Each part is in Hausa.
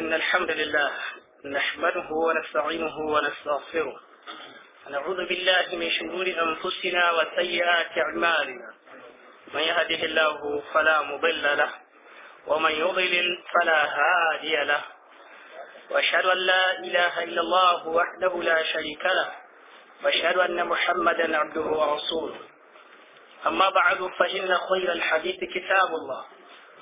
إن الحمد لله نحمده ونستعينه ونستغفره ونعوذ بالله من شرور أنفسنا وسيئات أعمالنا من يهده الله فلا مضل له ومن يضلل فلا هادي له وأشهد أن لا إله إلا الله وحده لا شريك له وأشهد أن محمدا عبده ورسوله أما بعد فإن خير الحديث كتاب الله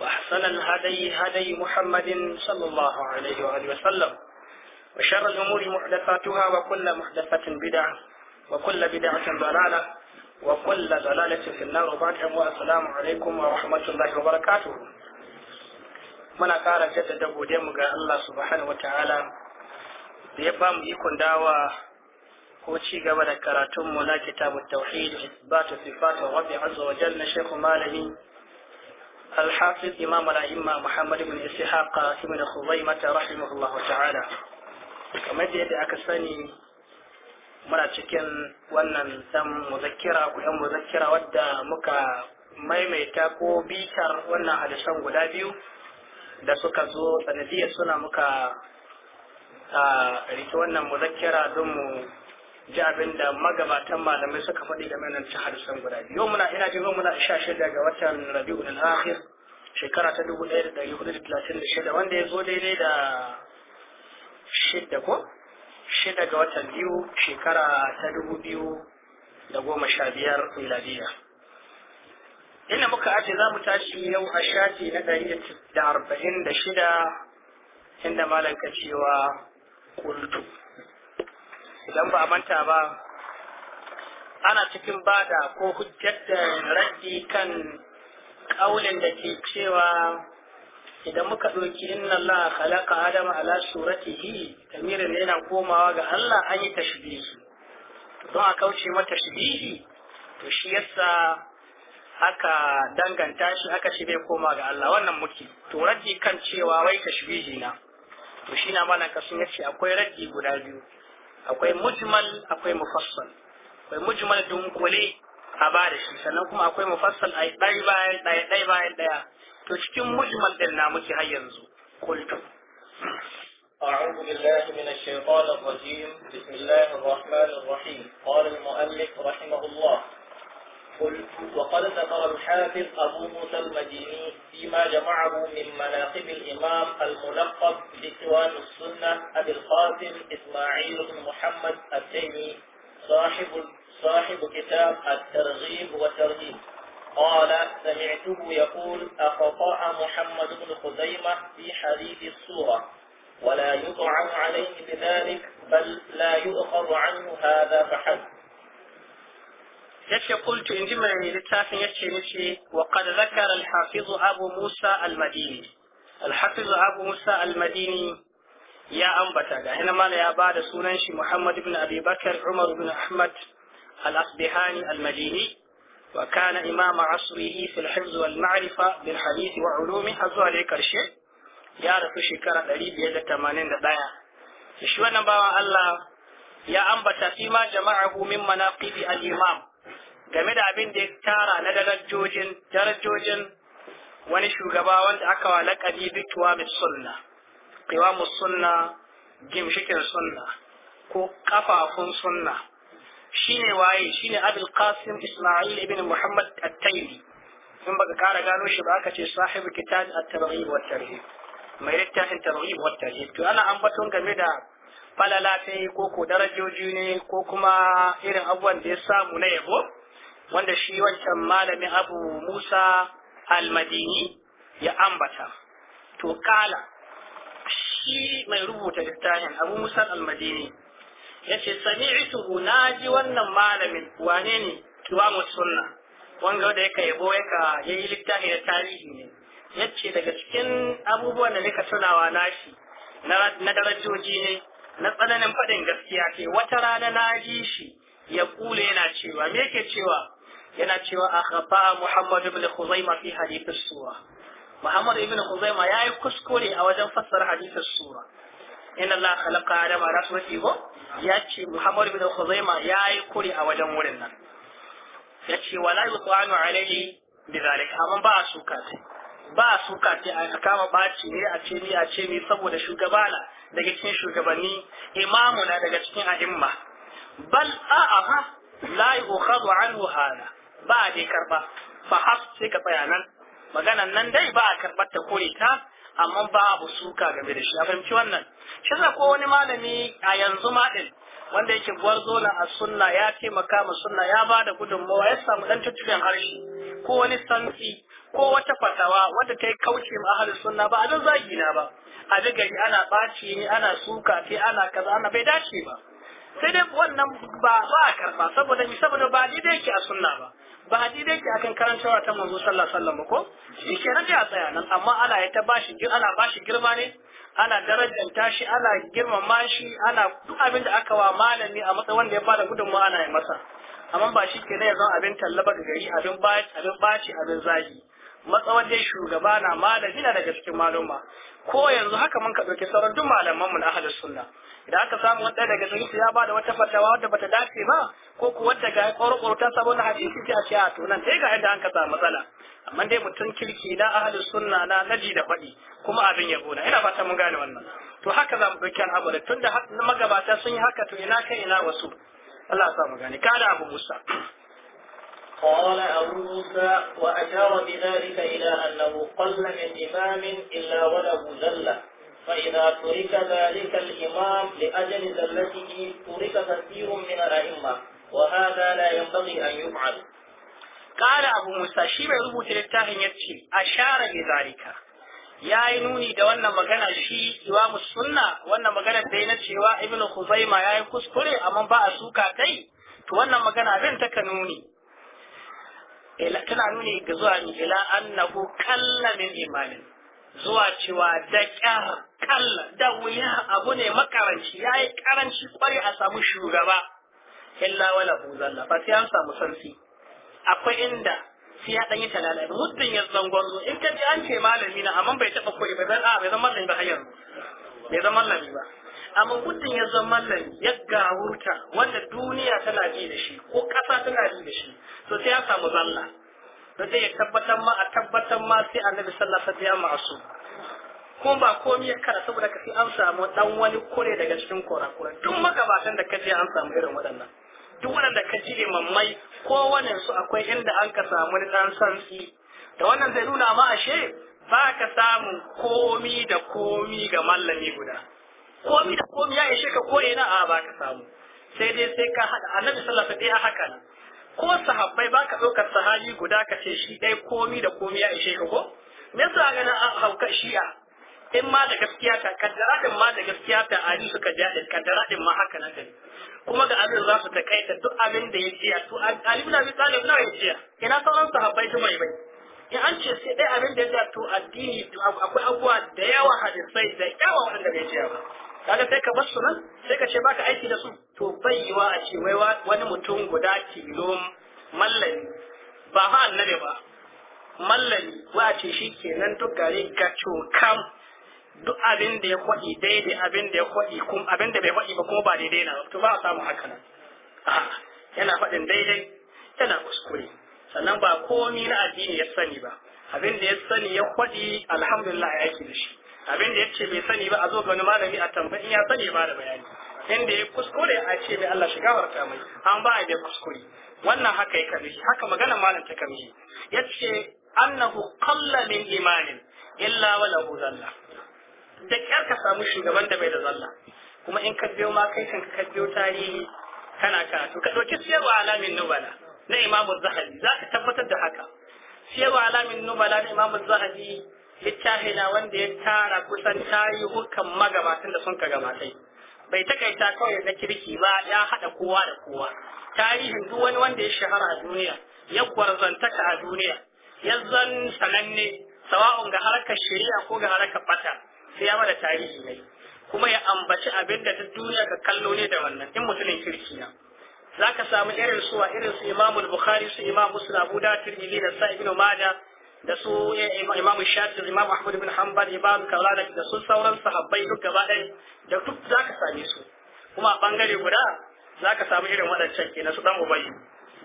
وأحسن الهدي هدي محمد صلى الله عليه وآله وسلم وشر الأمور محدثاتها وكل محدثة بدعة وكل بدعة ضلالة وكل ضلالة في النار وبعد والسلام عليكم ورحمة الله وبركاته من أقار جد دبو الله سبحانه وتعالى يبام يكون دعوة وشي قبل كراتم ولا كتاب التوحيد إثبات صفات الرب عز وجل الشيخ مالهي الحافظ إمام الأئمة محمد بن إسحاق بن خزيمة رحمه الله تعالى kamar yadda aka sani muna cikin wannan dan muzakkira ko yan muzakkira wadda muka maimaita ko bitar wannan hadisan guda biyu da suka zo sanadiyar suna muka a ah, rike wannan muzakkira don mu ji abin da magabatan malamai suka faɗi game nan ta hadisan guda biyu yau muna ina jin muna sha shida ga watan rabi'ul akhir shekara ta dubu ɗaya da ɗari hudu da talatin da shida wanda ya zo daidai da shida ko shida ga watan biyu shekara ta dubu biyu da goma sha biyar miladiya ina muka aje za mu tashi yau a shafi na ɗari da arba'in da shida inda malam cewa kultu idan ba a manta ba ana cikin bada ko hujjar da raddi kan ƙaulin da ke cewa idan muka ɗauki inna Allah khalaqa adama ala suratihi tamirin yana komawa ga Allah an yi tashbihi don a kauce mata tashbihi to shi yasa aka danganta shi aka ce bai koma ga Allah wannan muke to raddi kan cewa wai tashbihi na to shi na malan kasun yace akwai raddi guda biyu akwai mujmal akwai mufassal akwai mujmal dunkule a ba da shi sannan kuma akwai mufassal a ɗari bayan ɗaya ɗaya bayan ɗaya to cikin mujmal ɗin na muke har yanzu kultu أعوذ بالله من الشيطان الرجيم بسم الله الرحمن الرحيم قال المؤلف رحمه الله وقد ذكر الحافظ أبو موسى المديني فيما جمعه من مناقب الإمام الملقب بإخوان السنة أبي القاسم إسماعيل بن محمد التيمي صاحب صاحب كتاب الترغيب والترهيب قال سمعته يقول أخطأ محمد بن خزيمة في حديث السورة ولا يطعم عليه بذلك بل لا يؤخر عنه هذا فحسب yace qultu inji mai littafin yace mishi wa qad zakara al-hafiz abu musa al-madini al-hafiz abu musa al-madini ya ambata ga hina mala ya bada sunan shi muhammad ibn abi umar ibn ahmad al-asbihani al-madini wa kana imama asrihi fil hifz wal ma'rifa bil hadith wa ulumi azwa da karshe ya rasu shekara 581 shi wannan bawan Allah ya ambata fi ma jama'ahu min manaqibi al-imam game da abin da ya tara na darajojin darajojin wani shugaba wanda aka wa laƙabi bituwa sunna kewa sunna gimshikin sunna ko kafafun sunna shine waye shine abul qasim isma'il ibn muhammad at-taymi in baka kara gano shi ba aka ce sahibu kitab at-targhib wa tarhib mai littafin targhib wa tarhib to ana ambaton game da falala ko ko darajoji ne ko kuma irin abubuwan da ya samu na yabo wanda shi wancan malami abu musa almadini ya ambata to kala shi mai rubuta littafin abu musa almadini ya ce sami'tuhu na ji wannan malamin wane ne kiwamu sunna wanga da yaka yabo yaka yayi yi littafi da tarihi ne yace daga cikin abubuwan da nika tunawa nashi na darajoji ne na tsananin faɗin gaskiya ke wata rana na ji shi ya kule yana cewa me yake cewa yana cewa a akhfa Muhammad ibn Khuzaimah fi hadith as-sura Muhammad ibn ya yi kuskure a wajen fassara hadith as-sura inna Allah khalaqa adama ala surati go yace Muhammad ibn ya yi kuri a wajen wurin nan ya ce yace wala yuqanu alayhi bidhalika amma ba su kace ba su kace a kama baci ne a ce ni a ce ni saboda shugabana daga cikin shugabanni imamuna, daga cikin a'imma bal a'a la yuqadu anhu hada ba a je karba fa has sai ka tsaya nan maganan nan dai ba a karbar ta kore ta amma ba abu suka game da shi a fahimci wannan shi za ko wani malami a yanzu ma din wanda yake gwarzo zona a sunna ya taimaka ma sunna ya ba da gudunmawa ya samu dan tuttuben harshe ko wani santi ko wata fatawa wadda ta yi kauce ma ahalin sunna ba a don zagi na ba a gari ana ɓaci ne ana suka ce ana kaza ana bai dace ba sai dai wannan ba ba a karba saboda mi saboda ba daidai yake a sunna ba ba hadidai ke akan karantarwa ta manzo sallallahu alaihi wasallam ko shi ke rage a tsaya nan amma ana ya ta bashi ana bashi girma ne ana darajanta shi ana girmama shi ana duk abin da aka wa malami a matsayin wanda ya bada gudunmawa ana yi masa amma ba shi ke ya zama abin tallaba ga gari abin baci abin baci abin zagi matsawar dai shugaba na malami na daga cikin maluma ko yanzu haka mun ka ɗauki sauran duk malaman mu na ahlus sunna idan aka samu wani daga cikin su ya bada wata fatawa wadda bata dace ba ko ku wanda ga korokoro ta saboda hadisi sai a ce a to nan sai ga yadda an ka samu matsala amma dai mutum kirki na ahalin sunna na naji da faɗi kuma abin ya gona ina fata mun gane wannan to haka za mu ɗauki al'amari tun da magabata sun yi haka to ina kai ina wasu Allah sa mu gane kada abu Musa قال أبو موسى وأشار بذلك إلى أنه قل من إمام إلا وله ذلة فإذا ترك ذلك الإمام لأجل زلته ترك كثير من الأئمة وهذا لا ينبغي أن يفعل قال أبو موسى شيبة يربط للتاهن يتشي أشار بذلك ya yi nuni da wannan magana shi imamu wannan magana da na cewa ibnu khuzaima ya yi kuskure amma ba a suka kai to wannan magana ta ka nuni tana nuni ga zuwa ila annahu kalla min imanin zuwa cewa da kyar kalla da wuya abu ne makaranci ya yi karanci kwari a samu shugaba illa wala buzalla ba sai an samu sarki akwai inda sai ya danyi talala muddin ya zangon in ka ji an ce malami na amma bai taɓa koyi bai zan a bai zan mallami ba hanyar. bai zan mallami ba amma muddin ya zan mallami ya gawurta wanda duniya tana ji da shi ko ƙasa tana ji da shi to sai ya samu zalla to sai ya tabbatar ma a tabbatar ma sai annabi sallallahu alaihi wasallam ya ma'asu ko ba komi ya kara saboda ka sai an samu dan wani kore daga cikin kurakuran duk magabatan da kaje an samu irin waɗannan duk waɗanda ka ji mammai kowane su akwai inda an ka samu wani ɗan sansi da wannan zai nuna ma ashe ba ka samun komi da komi ga mallami guda komi da komi ya ishe ka ko ina a ba ka samu sai dai sai ka haɗa annabi sallallahu alaihi wasallam haka ne ko sahabbai ba ka ɗaukar sahabi guda ka ce shi ɗaya komi da komi ya ishe ka ko me yasa ganin an hauka shi'a in ma da gaskiya ta kaddara din ma da gaskiya ta ali suka ka din kaddara din ma haka nan gari. kuma ga abin za su takaita duk abin da ya jiya to ali ibn abi talib na ya jiya ina sauran sahabbai su mai bai in an ce sai dai abin da ya to addini akwai abubuwa da yawa hadisai da yawa wanda bai jiya ba kaga sai ka bar su nan sai ka ce baka aiki da su to bai yiwa a ce wai wani mutum guda kilo mallami ba ha annabi ba mallami wa ce shi kenan duk gare ga cokam duk abin da ya kwaɗi daidai abin da ya kwaɗi kuma abin da bai kwaɗi ba kuma ba daidai na to ba a samu haka nan yana faɗin daidai yana kuskure sannan ba komi na addini ya sani ba abin da ya sani ya kwaɗi alhamdulillah ya yake da shi abin da ya ce bai sani ba a zo ga wani malami a tambayi in ya sani ba da bayani inda ya kuskure a ce mai Allah shiga warka mai an ba a bai kuskure wannan haka ya kalli haka magana malam ta kalli ya ce annahu qalla min imanin illa wa zalla da kyar ka samu shugaban da bai da zalla kuma in ka biyo ma kai kan ka biyo tarihi kana karatu ka ɗauki siyarwa alamin nubala na imamu zahabi za ka tabbatar da haka siyarwa alamin nubala na imamu zahabi littafi na wanda ya tara kusan tarihukan magabatan da sun ka gabatai bai takaita kawai na kirki ba ya haɗa kowa da kowa tarihin duk wani wanda ya shahara a duniya ya kwarzantaka a duniya ya zan sananne sawa'un ga harkar shari'a ko ga harkar bata sai ya mana tarihi ne kuma ya ambaci abin da duk duniya ka kallo ne da wannan in mutumin kirki na zaka samu irin suwa irin su Imam Bukhari su Imam Muslim Abu Dawud Tirmidhi da Sa'id ibn Majah da su eh, Imam Shafi'i Imam Ahmad ibn Hanbal Ibn Kaulana da su sauran sahabbai duk gaba ɗaya da duk zaka same su kuma a bangare guda zaka samu irin waɗancan kenan su dan ubayi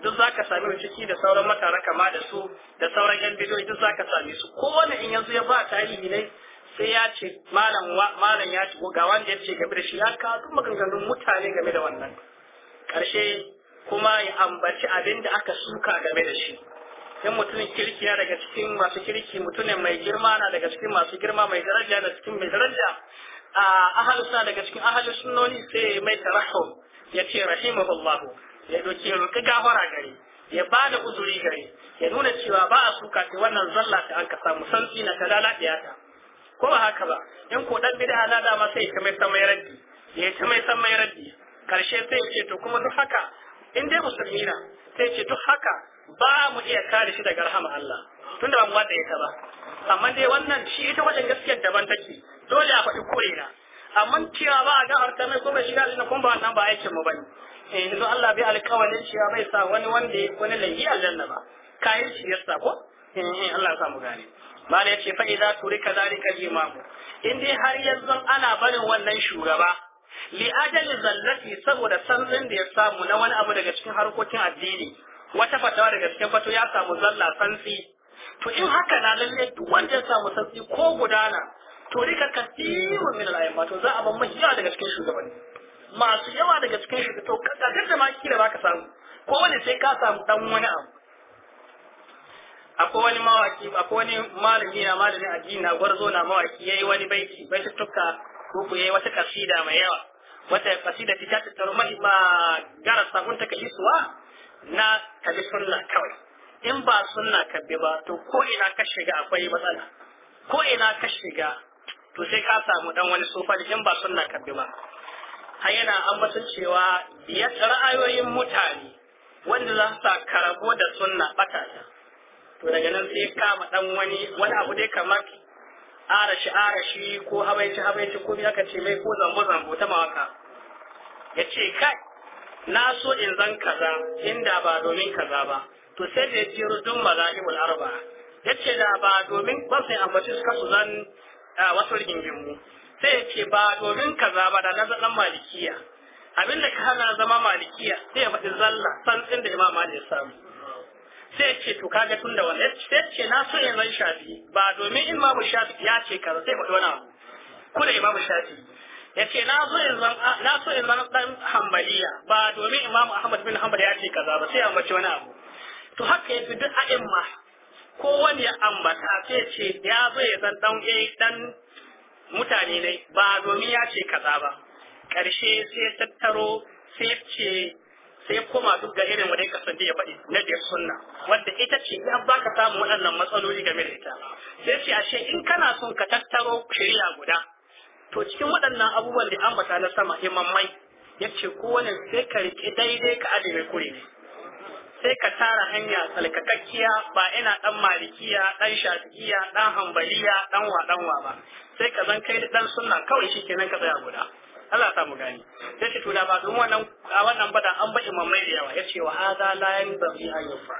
duk zaka same su ciki da sauran makara kama da su da sauran yan bidiyo duk zaka same su kowane in yanzu ya ba tarihi ne sai ya ce malam ya shigo ga wanda ya ce game da shi ya kawo duk maganganun mutane game da wannan ƙarshe kuma ya ambaci abin da aka suka game da shi in mutumin kirki daga cikin masu kirki mutumin mai girma na daga cikin masu girma mai daraja da cikin mai daraja a ahalusa daga cikin ahalus sunnoni sai mai tarahum ya ce rahimahullahu ya doke ruka gafara gari, ya ba da uzuri gare ya nuna cewa ba a suka ta wannan zalla ta an kasa samu na ta lalaɗiya ta ko ba haka ba in ko dan bid'a na ma sai ya mai san mai raddi ya ta mai san mai raddi karshe sai ya ce to kuma duk haka in dai musulmi na sai ce duk haka ba mu iya kare shi daga rahama Allah tunda ba mu wada ita ba amma dai wannan shi ita wajen gaskiyar daban take dole a faɗi na. amma cewa ba a ga harta mai ko bai shiga aljanna kuma ba wannan ba aikin mu bane eh yanzu Allah bai alƙawarin cewa bai sa wani wanda wani lahi aljanna ba kayan shi yasa ko eh, eh Allah ya samu gane mala yace fa idza turika zalika al-imam in dai har yanzu ana barin wannan shugaba li ajali zallati saboda sanzin da ya samu na wani abu daga cikin harkokin addini wata fatawa daga cikin fato ya samu zalla sansi to in haka na lalle duk wanda ya samu sansi ko gudana to rika kasiru min al to za a ban yawa daga cikin shugabanni masu yawa daga cikin shugabanni to kaga da ma da baka samu ko wani sai ka samu dan wani abu akwai wani mawaki akwai wani malami na malami addini na gwarzo na mawaki yayi wani baiti bai tuka ko yayi wata kasida mai yawa wata kasida ta tata tarma ma gara sabon ta kashi suwa na kabi sunna kawai in ba sunna kabbi ba to ko ina ka shiga akwai matsala ko ina ka shiga to sai ka samu dan wani sofa in ba sunna kabbi ba har yana ambaton cewa biyar ra'ayoyin mutane wanda za su karabo da sunna bakata to daga nan sai kama dan wani wani abu dai kamar arashi arashi ko habaici habaici ko aka ce mai ko zambo zambo ta mawaka ya ce kai na so in zan kaza inda ba domin kaza ba to sai da ya ce rudun mazahibul arba ya ce da ba domin ba sai ambaci suka su zan wasu mu. sai ya ce ba domin kaza ba da na zan malikiya abinda ka hana zama malikiya sai ya faɗi zalla san inda imam malik ya samu sai ce to kaga tun da wannan sai ce na so in zan shafi ba domin imamu shafi ya ce kaza sai faɗi wani abu kula imamu shafi ya ce na so in zan na so in zan dan hambaliya ba domin imamu ahmad bin hanbal ya ce kaza ba sai ya mace wani abu to haka ya fi duk imma ko wani ya ambata sai ce ya zo ya san dan dan eh, mutane ne ba domin ya ce kaza ba Karshe sai tattaro sai ce sai koma duk ga irin wanda ya kasance ya faɗi na biyar sunna wanda ita ce ya baka samun waɗannan matsaloli game da ita sai ce ashe in kana son ka tattaro shirya guda to cikin waɗannan abubuwan da ambata na sama himammai ya ce kowane sai ka riƙe daidai ka ajiye kure sai ka tara hanya tsalkakakkiya ba ina ɗan malikiya ɗan shafi'iya ɗan hambaliya ɗan wa wa ba sai ka zan kai ɗan sunna kawai shi kenan ka tsaya guda Allah sa mu gani sai shi tuna ba don wannan a wannan bada an bashi mamai da yawa yace wa hada la yanbaghi an fa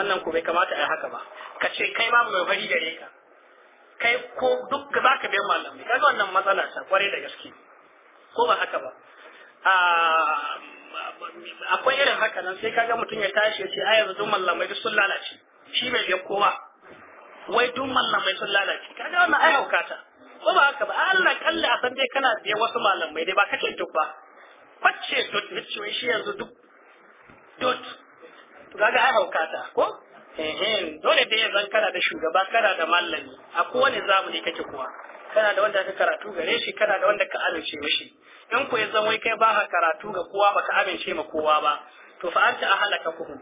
wannan ko bai kamata a haka ba ka ce kai ma mai fari gare ka kai ko duk za ka biyan malamai kaga wannan matsala ta kware da gaske ko ba haka ba ah, akwai irin haka nan sai kaga mutum ya tashi ya ce a yanzu duk malamai duk sun lalace shi bai biyan kowa wai duk malamai sun lalace kaga wannan ai ta. Ko ba haka ba Allah kalla a san dai kana biyan wasu malamai dai ba kake duk ba facce dot mutuwa shi yanzu duk dot to ga ai haukata ko eh dole dai yanzu kana da shugaba kana da mallami a kowane zamani kake kuwa kana da wanda ka karatu gare shi kana da wanda ka amince mishi in ku ya zan wai kai ba ka karatu ga kowa baka amince ma kowa ba to fa anta ahalaka kuhum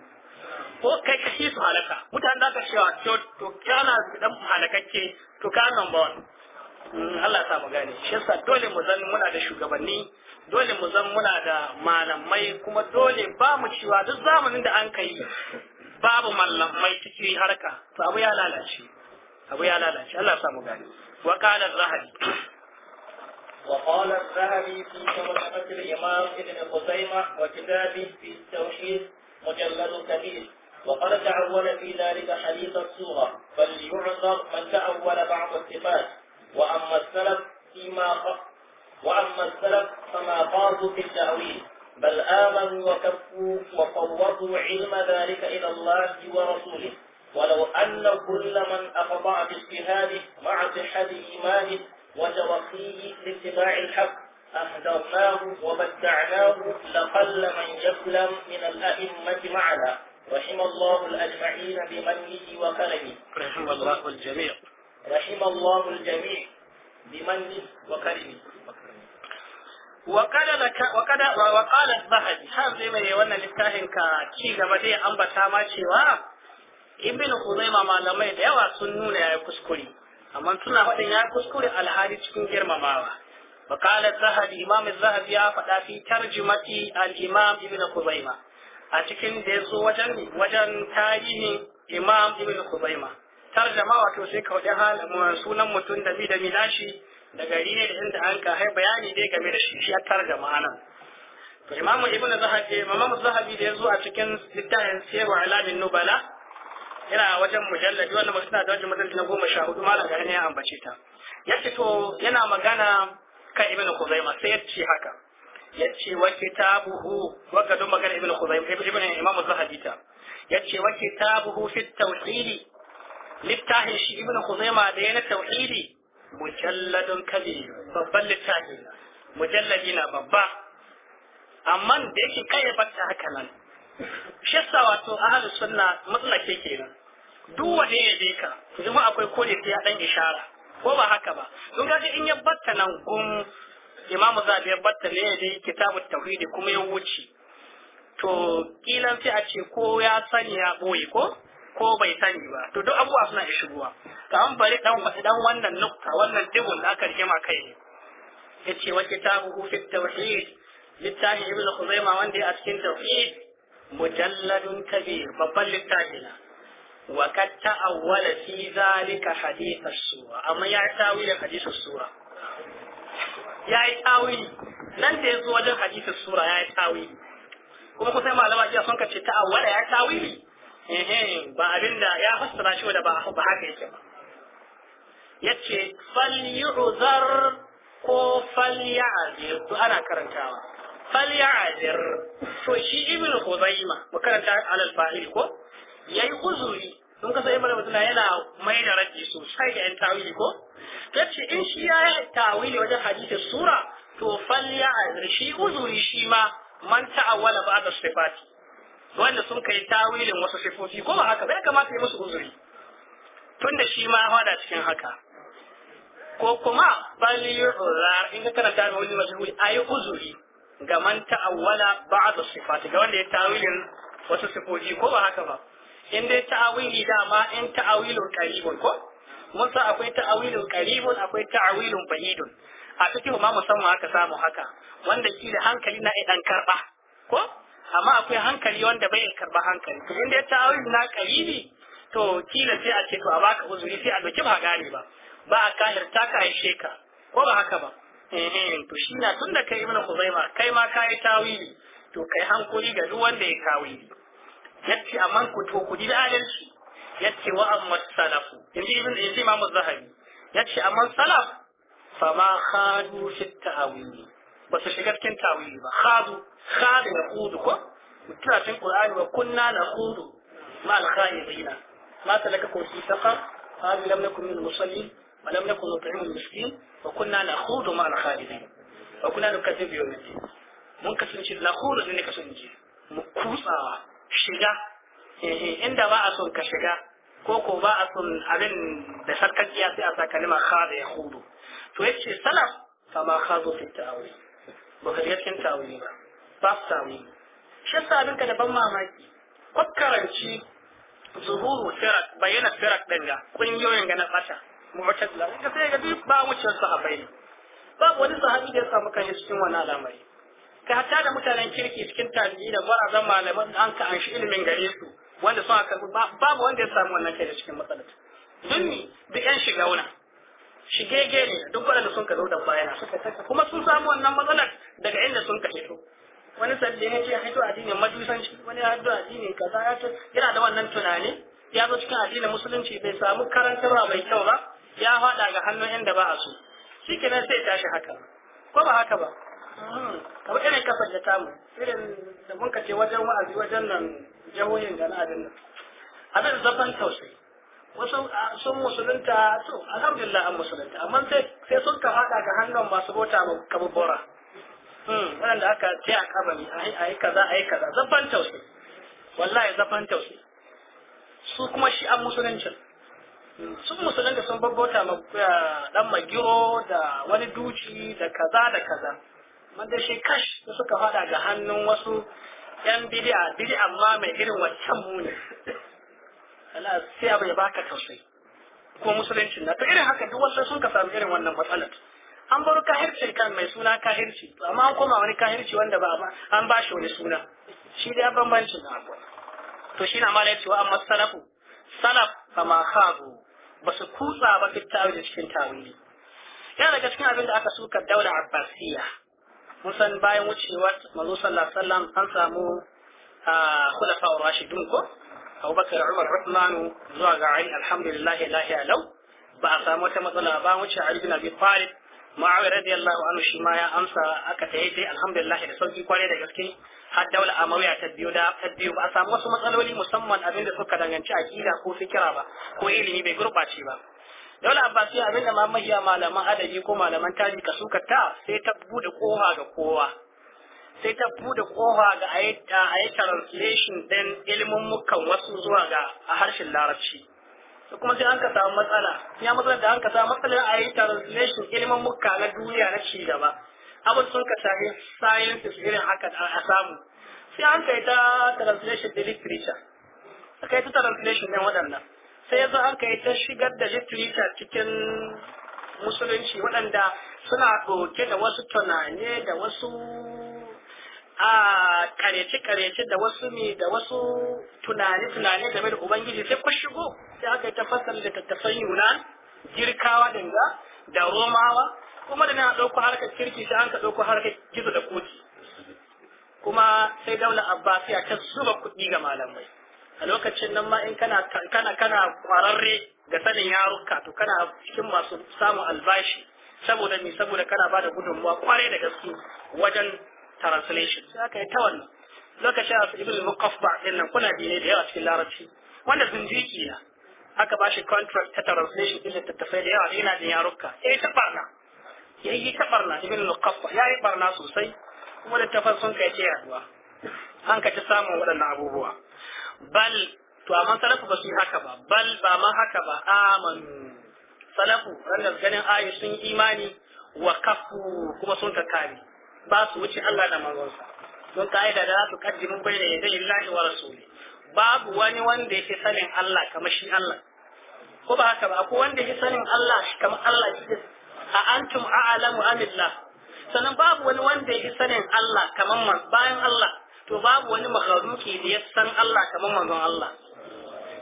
ko kai ka shi su halaka mutane za ka cewa to kana dan halakakke to ka number Allah sa mu gane shi yasa dole mu zan muna da shugabanni dole mu zan muna da malamai kuma dole ba mu cewa duk zamanin da an kai babu malamai cikin harka to abu ya lalace abu ya lalace Allah sa mu gane wa qala az-zahabi وقال الذهبي في ملحمة الإمام ابن خزيمة وكتابه في التوحيد مجلد كبير وقد تأول في ذلك حديث الصورة بل يعذر من تأول بعض الصفات وأما السلف فيما وأما السلف فما قاضوا في التأويل بل آمنوا وكفوا وفوضوا علم ذلك إلى الله ورسوله ولو أن كل من أخضع باجتهاده مع صحة إيمانه وتوقيه لاتباع الحق أهدرناه وبدعناه لقل من يسلم من الأئمة معنا رحم الله الأجمعين بمنه وكرمه رحم الله الجميع رحم الله الجميع har zai mai wannan littafin ka ci gaba dai ambata ma cewa ibn Kuzaima malamai da yawa sun nuna yayi kuskure amma suna faɗin yayi kuskure alhali cikin girmamawa وقال الذهبي امام الذهبي ya faɗa fi tarjumati al-imam ibn khuzaima a cikin da yazo wajen wajen tarihin imam ibn Kuzaima. tarjama wato sai ka wajen hal sunan mutum da mi da mi da gari ne da inda an ka hai bayani dai game da shi shi tarjama nan to imamu ibnu zahabi imamu zahabi da zo a cikin littafin sirru alamin nubala yana wajen mujallabi, wannan mutum da wajen mutum na goma sha hudu malam ne ya ambace ta yace to yana magana kan ibnu kuzaima sai yace haka yace wa kitabuhu wa kadun magana ibnu kuzaima ibnu imamu zahabi ta yace wa kitabuhu fi tawhidi littafin shi ibn Khuzaima da yana tauhidi mujalladun kabir babban littafi mujalladi na babba amma da yake kai ya batta haka nan shi yasa wato ahlu sunna mutsala ke kenan duk wanda ya je ka kuma akwai kore sai ya dan ishara ko ba haka ba don kaje in ya batta nan gum imam zabi ya batta ne ya je kitabut tauhidi kuma ya wuce to kilan sai a ce ko ya sani ya boye ko ko bai sani ba to duk abubuwa suna iya shigowa ka an bari dan dan wannan nukta wannan dibun da aka rike ma kai ne yace wa kitabuhu fi tawhid littafi ibn khuzaimah wanda ya cikin tawhid mujalladun kabir babban littafi na wa kad ta'awwala fi zalika hadith as-sura amma ya tawila hadith as-sura ya yi tawi nan da ya zo wajen hadith sura ya yi tawi kuma kusan malama iya son ka ce ta'awwala ya tawi ehe ba abinda ya fassara shi da ba ba haka yake ba yace falyu'zar ko falyazir to ana karantawa falyazir to shi ibn khuzaima makaranta alal fa'il ko yayi uzuri don kasa ibn mutuna yana mai da raji sosai da yan tawili ko Ya ce in shi ya yi tawili wajen hadisi sura to falyazir shi uzuri shi ma man ta'awwala ba'da sifati wanda sun kai tawilin wasu sifofi ko ba haka bai kamata ya musu uzuri tun da shi ma hada cikin haka ko kuma bali yu'ra in ka tawilin wasu sifofi a yi uzuri ga man ta'awwala ba'd sifati ga wanda ya tawilin wasu sifofi ko ba haka ba in dai ta'awili dama in ta'awilu qaribun ko mun sa akwai ta'awilu qaribun akwai ta'awilu ba'idun a cikin ma musamman haka samu haka wanda da hankali na idan karba ko amma akwai hankali wanda bai karba hankali to inda ya auri na qariri to kila sai a ce to a baka uzuri sai a doki ba gane ba ba a kahirta ka yi sheka ko ba haka ba eh to shi na tunda kai mana kuzaima kai ma kai tawili to kai hankuri ga duk wanda ya tawili yace amma ku to ku da adalci yace wa amma salafu inji ibn inji imam zahabi yace amma salaf fama khadu fi tawili ba su shiga cikin tawili ba khadu khadu ya kudu ko mutuna cikin qur'ani wa kunna na kudu ma al-khairina ma talaka kun fi saka, qalu lam nakun min musallin wa lam nakun nut'imu al-miskin wa kunna na kudu ma al-khairina wa kunna nukathibu biyu al-din mun kasance na kudu ne kasance mu kutsawa shiga eh, eh, inda ba a son ka shiga ko ko ba a son abin da sarkakiya sai a sa kalmar khadu ya kudu to yace salaf kama khadu fi ta'awil baka ka shiga cikin tawili ba ba su tawili shi yasa abin ka da ban mamaki ko karanci zuhuru firak bayyana firak din ga kungiyoyin ga na fata da, ka sai ga duk ba wucin sahabbai ne babu wani sahabi da ya samu kan cikin wannan al'amari ka hatta da mutanen kirki cikin tarihi da barazan malaman da an ka shi ilimin gare su wanda suna karɓi babu wanda ya samu wannan kai da cikin matsalar. Dunni da 'yan shiga wuna. shigege ne duk waɗanda sun ka zo da bayana kuma sun samu wannan matsalar daga inda sun ka fito wani sabbi ya ce haito addinin majusanci wani haito addinin kaza ya yana da wannan tunani ya zo cikin addinin musulunci bai samu karantarwa mai kyau ba ya faɗa ga hannun inda ba a so shi kenan sai tashi haka ko ba haka ba kamar irin kasar da tamu irin da mun ce wajen wa'azi wajen nan jihohin da na abin nan abin zafan tausayi wasu ah, sun musulunta to alhamdulillah an musulunta amma sai sai sun ka fada ga hannun masu bota kabubbura hmm wanda aka ce a kabari a yi kaza a yi kaza zaban tausi wallahi zaban tausi su kuma shi an musuluncin sun musulunta sun babbota ah, dan magiro da wani duci da kaza da kaza wanda shi kash da suka fada ga hannun wasu yan bidi'a-bidi'a, amma mai irin wancan muni sai abu ya baka tausayi ko Musulunci na to irin haka duk wasu sun ka samu irin wannan matsalar an baro kahirci kan mai suna kahirci amma an koma wani kahirci wanda ba an ba shi wani suna shi dai bambancin abu to shi na mala cewa amma salafu salaf fa ma khabu ba su kutsa ba fi tawili cikin tawili yana daga cikin abin da aka suka daula abbasiya mun san bayan wucewar manzo sallallahu alaihi wasallam an samu ah, khulafa rashidun ko abubakar umar usmanu zuwa ga ali alhamdulillah lahiya lau ba a samu wata matsala ba wuce ali bin abi talib ma'awiyar radiyallahu anhu shi ma ya amsa aka taya dai alhamdulillah da sauki kwarai da gaske har daula amawiya ta biyu da ta biyu ba a samu wasu matsaloli musamman abin da suka danganci aqida ko fikira ba ko ilimi bai gurbace ba daula abbasiya abin da mamahiya malaman adabi ko malaman tarihi ka suka ta sai ta bude kowa ga kowa sai ta bude kofa ga a yi translation ɗin ilimin mukan wasu zuwa ga a harshen larabci su kuma sai an ka samu matsala ya matsala da an ka samu matsalar a yi translation ilimin muka na duniya na ci gaba abin sun ka shafi sciences irin haka a samu sai an kai ta translation da literature aka yi ta translation ne waɗannan sai yanzu an kai ta shigar da literature cikin musulunci waɗanda suna ɗauke da wasu tunani da wasu a kareci-kareci da wasu ne da wasu tunani-tunani game da Ubangiji sai ku shigo sai aka yi tafasar da tattafan yuna Girkawa dinga da Romawa, kuma da na ɗauko harkar kirki sai an ka ɗauko harkar gizo da koti. Kuma sai daular Abbasiya ta zuba kuɗi ga malamai. A lokacin nan ma in kana kana kana kwararre ga sanin yaruka to kana cikin masu samun albashi saboda ni saboda kana bada da gudunmuwa kwarai da gaske wajen translation sai aka yi ta wannan lokacin a ibn muqaffa din nan kuna dine da yawa cikin larabci wanda sun ji zindiki na aka ba shi contract ta translation din da tafai da yawa ina da yarukka eh ta barna yayi ta barna ibn ya yi barna sosai kuma da tafar sun kai ce yaduwa an ka ci samun waɗannan abubuwa bal to amma salafu ba su yi haka ba bal ba ma haka ba amanu salafu wanda ganin ayu sun imani wa kafu kuma sun ka kare ba su wuce Allah da manzonsa don ka'ida da za su kaddimu bai da yadda lillahi wa rasuli babu wani wanda yake sanin Allah kamar shi Allah ko ba haka ba ko wanda yake sanin Allah kamar Allah shi a antum a'lamu amillah sannan babu wani wanda yake sanin Allah kamar man bayan Allah to babu wani makhluki da ya san Allah kamar manzon Allah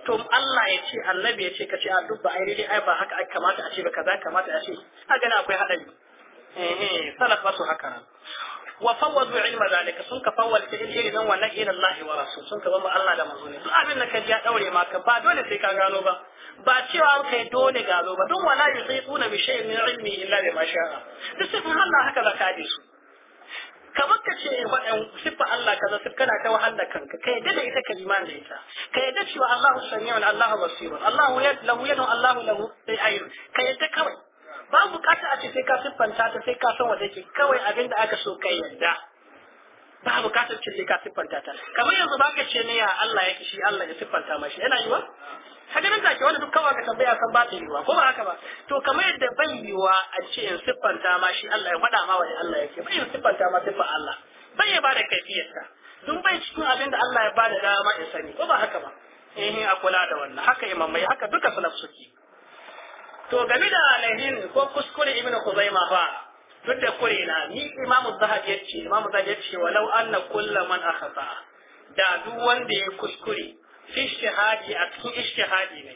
to Allah ya ce annabi ya ce ka ce a dubba ai dai ai ba haka kamata a ce ba kaza kamata a ce a gani akwai hadari eh eh salaf ba su haka wa fawwadu ilma zalika sun ka fawwalta ilimin wannan ila Allah wa rasul sun ka zama Allah da manzo ne duk abin da ka biya ya daure maka ba dole sai ka gano ba ba cewa an kai dole gano ba duk wala yusiquna bi shay'in min ilmi illa bima sha'a duk sai Allah haka zaka ji su kamar ka ce waɗan siffa Allah kaza sif kana ta wahala kanka ka yadda da ita ka iman da ita ka yadda eh, ka kawai ba bukata a ce sai ka siffanta ta sai ka san wanda yake kawai abin da aka so ka yadda. ba bukatar ce sai ka siffanta ta kamar yanzu ba ka ce ne ya Allah ya kishi Allah ya siffanta mashi yana yiwa haka nan ke wanda duk kawai ka tambaya san ba ta yiwa ko ba haka ba to kamar yadda bai yiwa a ce in siffanta ma shi Allah ya faɗa ma wani Allah yake bai in siffanta ma siffa Allah bai ya bada kaifiyarsa dun bai cikin abin da Allah ya bada dama in sani ko ba haka ba eh a kula da wannan haka imamai haka duka salaf suke to game da lahin ko kuskure ibn Khuzaima fa duk da kure na ni Imam Zahabi yace Imam Zahabi yace walau anna kullu man akhata da duk wanda ya kuskure fi shahadi a cikin ishtihadi ne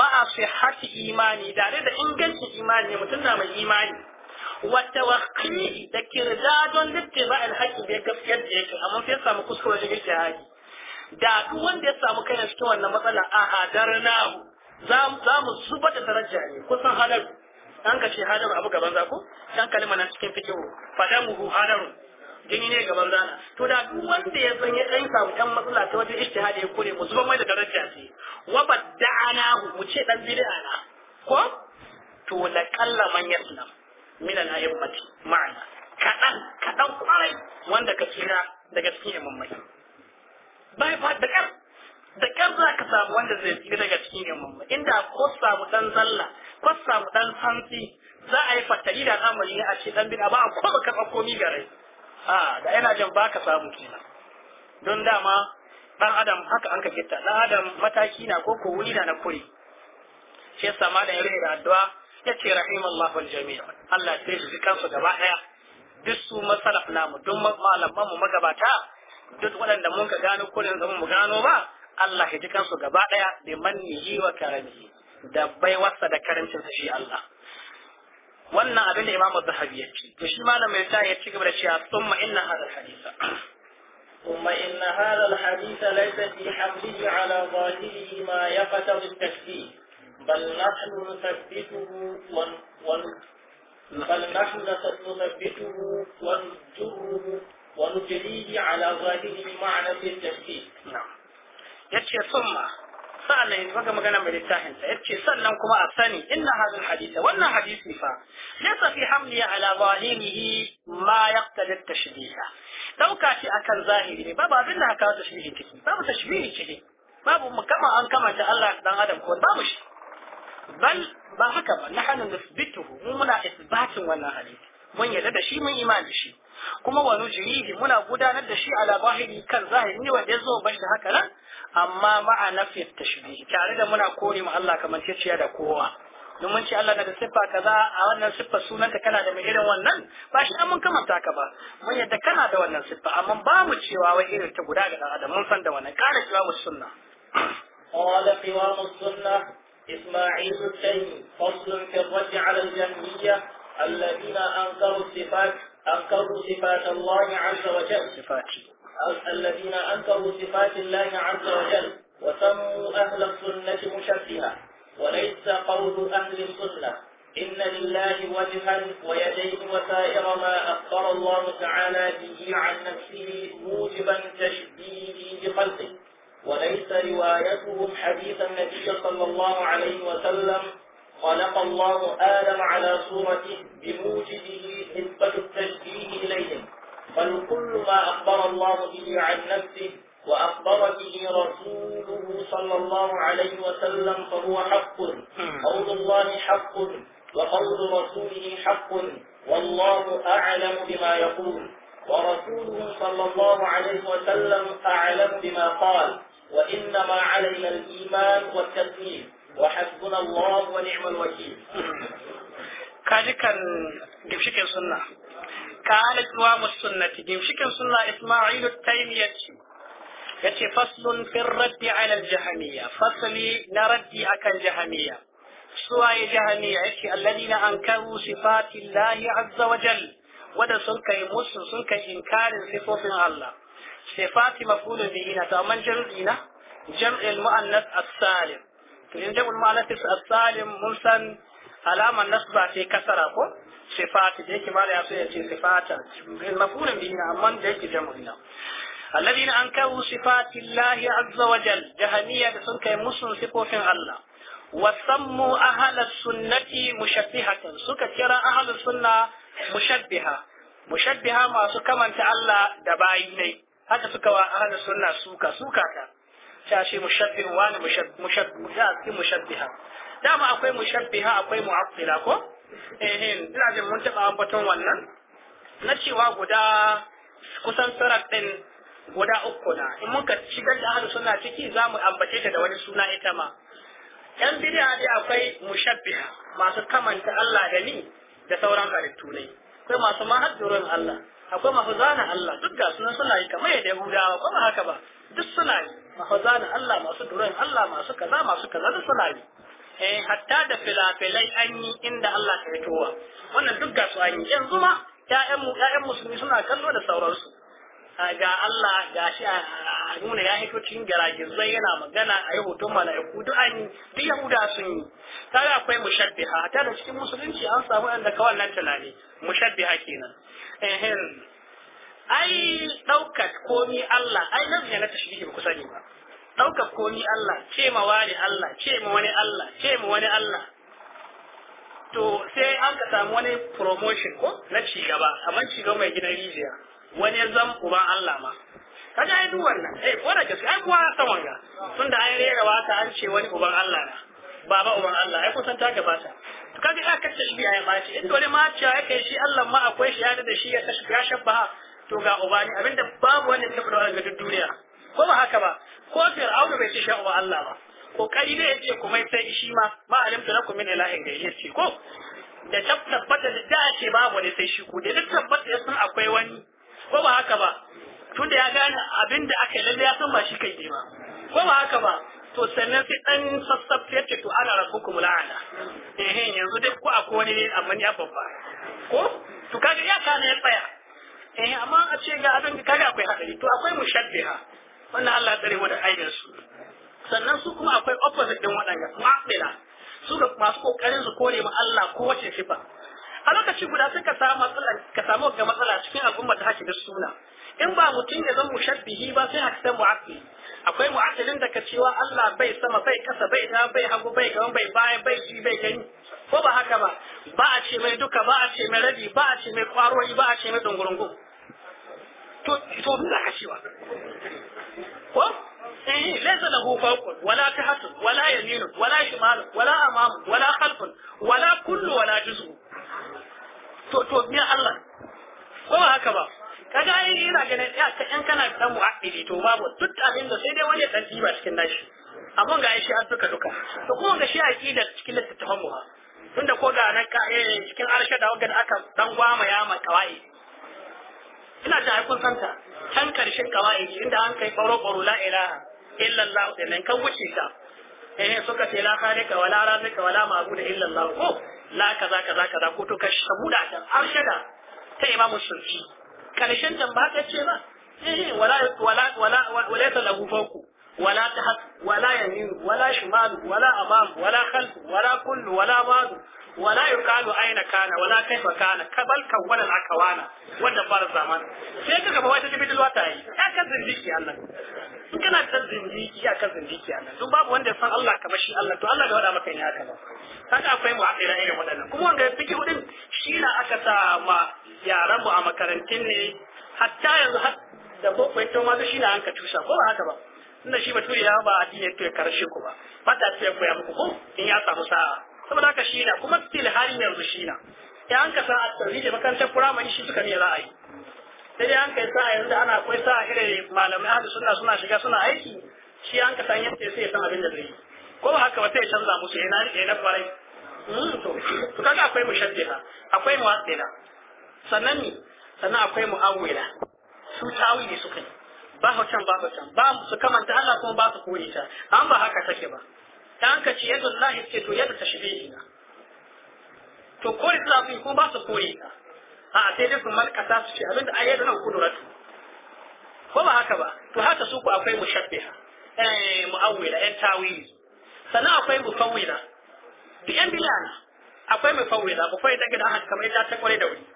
ma'a sihhati imani da da ingancin imani mutum na mai imani wa tawaqqi da kirdadon littiba al-haqqi da gaskiyar da yake amma sai samu kuskure da ishtihadi da duk wanda ya samu kai cikin wannan matsala a hadarnahu za mu zubar da daraja ne kusan hadar an ka ce hadaru abu gaban za ko dan kalma nan cikin fikihu mu hadaru jini ne gaban zana to da duk wanda ya san ya dan samu dan matsala ta wajen ijtihadi ya kore mu zuba mai da daraja ce wa bada'ana mu ce dan bid'a na ko to la qalla man yaslam min al ma'ana kadan kadan kwarai wanda ka tsira daga cikin imammai bai fa da da ƙyar za ka samu wanda zai fi daga cikin yamma inda ko samu dan zalla ko samu dan santi za a yi fatali da amali a ce dan bid'a ba a ko ba karɓa komi rai. a da yana jan ba ka samu kenan don dama dan adam haka an ka kitta dan adam mataki na ko ko wuri na na kuri shi yasa da irin da addu'a ya ce rahimallahu aljami'a Allah ya shi kansu gaba daya duk su masalaf namu duk malaman mu magabata duk waɗanda mun ka gano kullun zaman mu gano ba Allah ya ji kansu gaba daya bi mannihi wa karamihi da baiwarsa da karamcin sa shi Allah wannan abin da Imam Zahabi ya ce to shi malam mai ta ya ci gaba da cewa thumma inna hadha hadisa ثم إن هذا الحديث ليس في حمله على ظاهره ما يقتضي التشبيه بل نحن نثبته ون ون بل نحن نثبته ونجره ونجريه على ظاهره معنى التشبيه نعم ya ce summa sa'annan yanzu ga magana mai littafin sa yace sannan kuma a sani inna hadal hadisa wannan hadisi fa laysa fi hamliya ala zahirihi ma yaqtadi at-tashbiha dauka shi akan zahiri ne babu abin da aka kawo tashbihi ciki babu tashbihi ciki babu kama an kamanta Allah dan adam ko babu shi bal ba haka ba nahnu nusbituhu mu muna isbatin wannan hadisi mun yarda da shi mun imani da shi kuma wa nujrihi muna gudanar da shi ala zahiri kan zahiri wanda ya zo bashi haka nan amma ma'a nafi shi tare da muna kore ma Allah kamar ciya da kowa don mun ce Allah na da siffa kaza a wannan siffa sunanta kana da mai irin wannan ba shi mun kamanta ka ba mun yadda kana da wannan siffa amma ba mu cewa wai irin ta guda ga dan adam mun san da wannan kana cewa mu sunna qala qiwam sunna isma'il al-taymi faslun fi ar-raj'i 'ala al-jahmiyya alladhina ankaru sifat أنكروا صفات الله عز وجل صفاته الذين أنكروا صفات الله عز وجل وسموا أهل السنة مشبهة وليس قول أهل السنة إن لله وجها ويديه وسائر ما أخبر الله تعالى به عن نفسه موجبا تشبيهه بخلقه وليس روايتهم حديث النبي صلى الله عليه وسلم خلق الله آدم على صورته بموجبه نسبة التشبيه إليهم بل كل ما أخبر الله به عن نفسه وأخبر به رسوله صلى الله عليه وسلم فهو حق قول الله حق وقول رسوله حق والله أعلم بما يقول ورسوله صلى الله عليه وسلم أعلم بما قال وإنما علينا الإيمان والتسليم وحسبنا الله ونعم الوكيل كاجكن جمشكن سنة كان إمام السنة جمشكن سنة إسماعيل التيمية يتي فصل في الرد على الجهمية فصل نرد أكا الجهمية سواء جهمية يتي الذين أنكروا صفات الله عز وجل وده سنك يمس سنك إنكار صفات الله صفات مفهول دينا تأمن جمع دينا جمع المؤنث السالم تجمع المؤنث السالم مرسل alaman nasu ba sai kasara ko sifati da yake mala ya so ya ce sifata mafulin bihi amma da yake jam'u na alladhina ankaru sifati llahi azza wa jal jahaniya da sun kai musu sifofin Allah wa sammu ahla sunnati mushabbihatan suka kira ahla sunna mushabbiha mushabbiha masu kamanta Allah da bayi ne haka suka wa ahla sunna suka suka ta ta shi mushabbih wani mushabbih mushabbiha dama akwai mu shabbiha, akwai mu afila ko eh ina jin mun taba ambaton wannan na cewa guda kusan sarar din guda uku na in muka shigar da hannu suna ciki za mu ambace ta da wani suna ita ma yan bid'a dai akwai mu shabbiha masu kamanta Allah da ni da sauran halittu ne akwai masu mahaddurin Allah akwai zana Allah duk ga suna suna yi kamar yadda Yahudawa ba haka ba duk suna yi mahuzana Allah masu durin Allah masu kaza masu kaza duk suna yi eh hatta da filafilai an yi inda Allah ta fitowa wannan duk ga su an yi yanzu ma ƴaƴan mu ƴaƴan musulmi suna kallo da sauransu ga Allah ga shi a nuna ya hito cikin garagizai yana magana a yi hoton mala'iku duk an yi duk yahuda sun yi Ta kaga akwai mushabbiha hatta da cikin musulunci an samu da kawai nan tunani mushabbiha kenan eh ai ɗaukar komi Allah ai nan ne na tashbihi ba ku sani ba ɗaukar komi Allah ce ma wani Allah ce ma wani Allah ce ma wani Allah to sai an ka samu wani promotion ko na cigaba amma cigaba mai gina rijiya wani zan uban Allah ma kaga ai duk wannan eh ko da gaske ai kuwa san wanga tunda an rera waka an ce wani uban Allah na baba uban Allah ai kusan ta gabata to ka ga ka kace shi ya bace in dole ma ce ai kai shi Allah ma akwai shi ya da shi ya tashi gashin ba to ga ubani abinda babu wanda ya fada ga duniya ko ba haka ba ko fir'auna bai ce sha'u Allah ba kokari ne yace kuma sai shi ma ma alimtu lakum min ilahin ghayri yace ko da tabbata da da ce babu ne sai shi ku da tabbata ya akwai wani ko ba haka ba tunda ya gane abinda aka lalle ya san ba shi kai ba ko ba haka ba to sannan sai dan sassafe yace to ana rabbukum la'ana eh yanzu dai ko akwai wani ne amma ya babba ko to kaga ya kana ya tsaya eh amma a ce ga abin kaga akwai hadari to akwai mushabbiha wannan Allah ya tsare mu da aidin su sannan su kuma akwai opposite din waɗanda mu'abbila su da masu kokarin su kore ma Allah ko wace sifa a lokaci guda ka samu matsala ka samu ga matsala cikin al'umma ta hake da suna in ba mutum ya zama mushabbihi ba sai haka san mu'abbili akwai mu'abbidin da ka cewa Allah bai sama bai kasa bai ta bai hagu bai gaban bai baya bai ji bai gani ko ba haka ba ba a ce mai duka ba a ce mai rabi ba a ce mai kwaroyi ba a ce mai dungurungu to to da ka cewa ko eh laysa lahu fawqun wala tahtun wala yaminun wala shimalun wala amamun wala khalfun wala kullu wala juz'u to to me Allah ko ba haka ba kaga ai ina ganin ya ka in kana dan mu'addili to babu duk abin da sai dai wani dan diba cikin nashi abun ga shi har duka duka to kuma ga shi aqida cikin littafin mu tunda ko ga nan ka eh cikin arshada wanda aka dan gwama ya ma ina ta ai santa can karshen kawai inda an kai faro faro la ilaha illa Allah da nan kan wuce ka eh suka ce la khaliqa wala razika wala ma'budu illa Allah ko la kaza kaza kaza ko to ka shabuda da arshada ta imamu sunni karshen dan ba ka ce ba eh wala wala wala wala ta lahu fauku ولا تحت ولا يمين ولا شمال ولا أمام ولا خلف ولا كل ولا بعض ولا يقال أين كان ولا كيف كان بل كون الأكوان ودبر الزمان sai kaga ba wata jibi ta yi ya ka zindiki Allah in kana ta zindiki ya ka zindiki Allah duk babu wanda san Allah kamar shi Allah to Allah bai wada maka ne haka ba haka akwai mu akira irin waɗannan kuma wanda fiki hudin shi na aka sa ma a makarantun ne hatta yanzu da bakwai to ma shi na an ka tusa ko ba haka ba tunda shi bature ya ba addini ya ya karshe ku ba mata ce ya koya muku ko in ya samu sa'a saboda haka shi na kuma still halin yanzu shi na ya an ka sa'a tarihi da makarantar firamare shi suka ne ra'ayi sai dai an kai sa'a yanzu ana akwai sa'a irin malamai ahadu sunna suna shiga suna aiki shi an ka san yadda sai ya san abin da zai yi ko ba haka ba sai ya canza musu eh, na ne na farai hmm, to to kaga akwai mushaddiha akwai muwaddila sannan sannan akwai mu'awwila su tawili suka yi ba su can ba su can ba su kamanta Allah kuma ba su koyi ta an ba haka take ba ta an ce yadda Allah ya ce to yadda ta shige ina to kori ta zafi kuma ba su koyi ta a sai dai su malkata su ce abinda a yadda nan kuduratu ko ba haka ba to haka su ku akwai mushabbiha eh mu'awwila yan tawili sannan akwai mufawwila duk yan bilana akwai mufawwila mufawwila fa'ida da haka kamar ta kware da wuri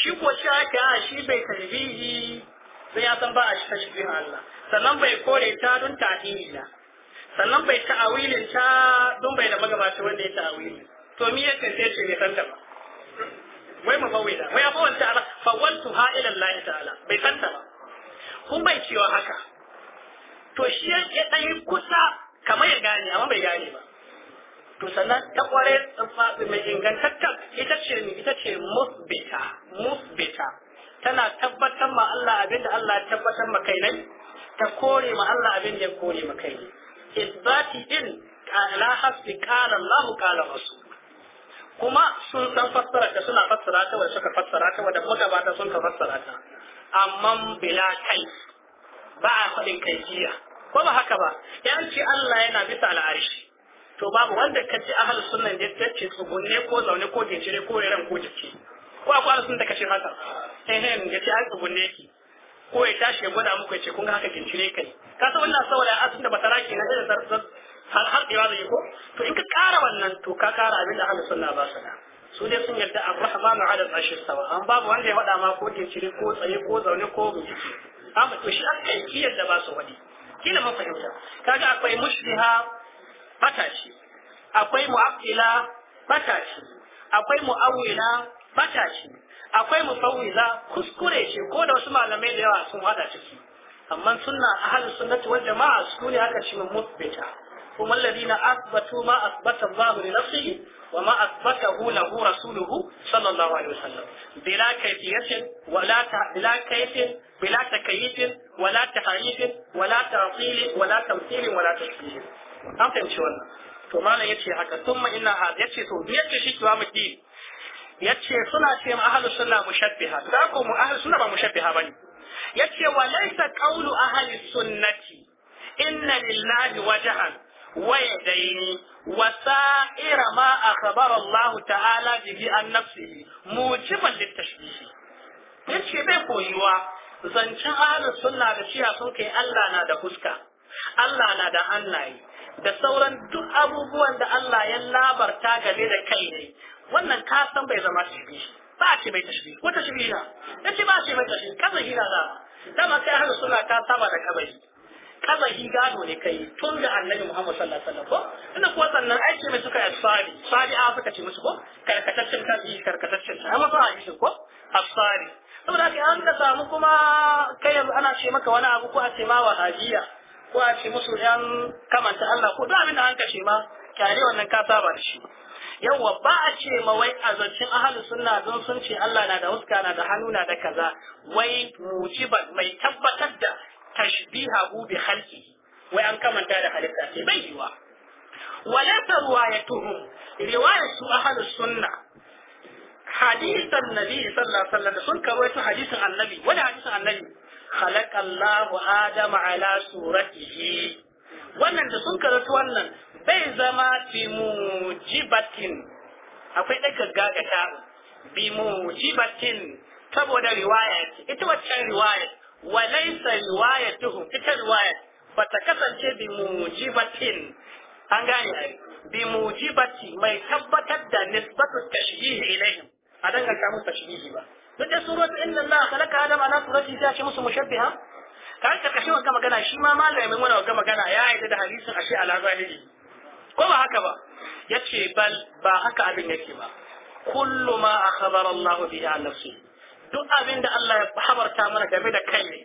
shi ko shi haka shi bai tarbihi sun ya san ba a shi biyan Allah sannan bai kore ta don ta'dili na sannan bai ta'awilin ta don bai da magabata wanda ya awilin to mi yake sai ce bai san ta ba wai mu bawai da wai abawan ta fa wantu ha ila Allah ta'ala bai san ta ba kun bai cewa haka to shi ya dai kusa kamar ya gane amma bai gane ba to sannan ta kware mai ingantaccen ita ce ita ce musbita musbita tana tabbatar ma Allah abin da Allah tabbatar ma kai nai ta kore ma Allah abin da ya kore ma kai ne isbati din ala hasbi qala Allah qala rasul kuma sun san fassara ta suna fassara ta wanda suka fassara ta wanda ta sun ka fassara ta amma bila kai ba a faɗin jiya. ko ba haka ba yan ce Allah yana bisa al'arshi to babu wanda ka ce ahal sunnan da ya ce tsugunne ko zaune ko cire ko ran ko jiki ko akwai ahal sunnan da ka haka ehem ga ce an tsugunne ki ko ya tashi ya gwada muku ya ce kun ga haka gincire kai ka san wannan saboda asin da batara ke na da zarzar har har da zai ko to in ka kara wannan to ka kara abin da ahlus sunna ba su da su dai sun yarda ar-rahmanu 'ala al-'arshi sawa an babu wanda ya wada ma ko gincire ko tsaye ko zaune ko bincike amma to shi aka yi kiyar da ba su wadi kila mun fahimta kaga akwai mushbiha matashi akwai mu'akkila matashi akwai mu'awwila matashi akwai musawwiza kuskure ce ko da wasu malamai da yawa sun hada ciki amma sunna ahlus sunnati wal jama'a su ne aka ce musbita kuma alladina asbatu ma asbata Allah li nafsihi wa ma asbatahu lahu rasuluhu sallallahu alaihi wasallam bila kayfiyatin wala ta bila kayfin bila takayyifin wala tahrifin wala ta'til wala tamthil wala tashbih an fahimci wannan to malam yace haka thumma inna hadha yace to yace shi mu mutin yace suna ce ma ahlus sunna mushabbiha da ko mu ahlus sunna ba mushabbiha bane yace wa laysa qawlu ahlus sunnati inna lillahi wajhan wa yadaini wa sa'ira ma akhbara Allah ta'ala bihi an nafsihi mujiban litashbih yace bai koyuwa zancen ahlus sunna da shiya sun kai Allah na da fuska Allah na da hannaye da sauran duk abubuwan da Allah ya labarta game da kai ne wannan ka san bai zama shirbi ba ce mai tashbi ko tashbi na ce ba ce mai tashbi kaza hina za. dama kai har suna ta saba da kabari kabari gado ne kai tun da annabi Muhammad sallallahu alaihi wasallam ko ina kuwa sannan ai ce mai suka asari sari a suka ce musu ko karkataccen kaji karkataccen amma ba a yi ko asari saboda kai an ka samu kuma kai ana ce maka wani abu ko a ce ma wahabiya ko a ce musu yan kamanta Allah ko duk abin da an kashe ma kyare wannan ka saba da shi yawwa ba a ce ma wai a zancin suna sunna don sun ce Allah na da huska na da hannu na da kaza wai mujibat mai tabbatar da hu bi khalqi wai an kamanta da halitta ce bai yiwa wala riwayatuhum riwayatu ahalus sunna hadisan nabi sallallahu alaihi wasallam sun karwaito hadisin annabi wala hadisin annabi خلق الله Adama ala صورته wannan da sun karatu wannan bai zama fi mujibatin akwai ɗaga gagata bi mujibatin saboda riwaya ita waccan riwaya walaysa riwayatuhum ita riwaya ta kasance bi mujibatin an gane ai ji mujibati mai tabbatar da nisbatu tashbihi ilaihim a danganta musu tashbihi ba duk da surat inna Allah khalaqa adam ala surati ta ce musu mushabbiha kan ka kashe wannan magana shi ma malamin wannan wannan magana ya aita da hadisin ashe ala zahiri ko ba haka ba yace bal ba haka abin yake ba kullu ma akhbara Allah bihi an nafsi duk abin da Allah ya habarta mana game da kai ne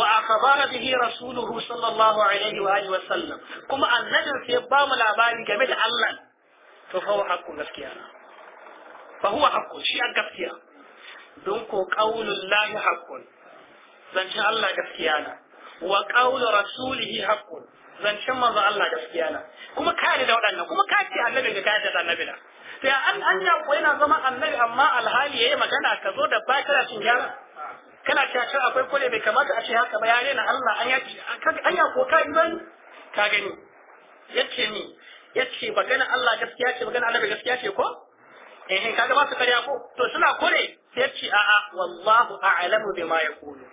wa akhbara bihi rasuluhu sallallahu alaihi wa alihi wa sallam kuma annabin sai ba mu labari game da Allah to fa huwa haqqun gaskiya fa huwa haqqun shi gaskiya don ko ƙaunin lahi haƙƙun zancen Allah gaskiya na wa ƙaunin rasulihi haƙƙun zancen manzo Allah gaskiya na kuma ka da waɗannan kuma ka ce annabi ga kayan da annabi na sai an an ya ko yana zama annabi amma alhali yayi magana ka zo da ba kana cin gyara kana cewa cewa akwai kole bai kamata a ce haka ba yare na Allah an ya an ya ko ka yi ka gani yace ni yace magana Allah gaskiya ce magana Allah gaskiya ce ko eh kaga ba su karya ko to suna kore sai ce a'a wallahu a'lamu bima yaqulu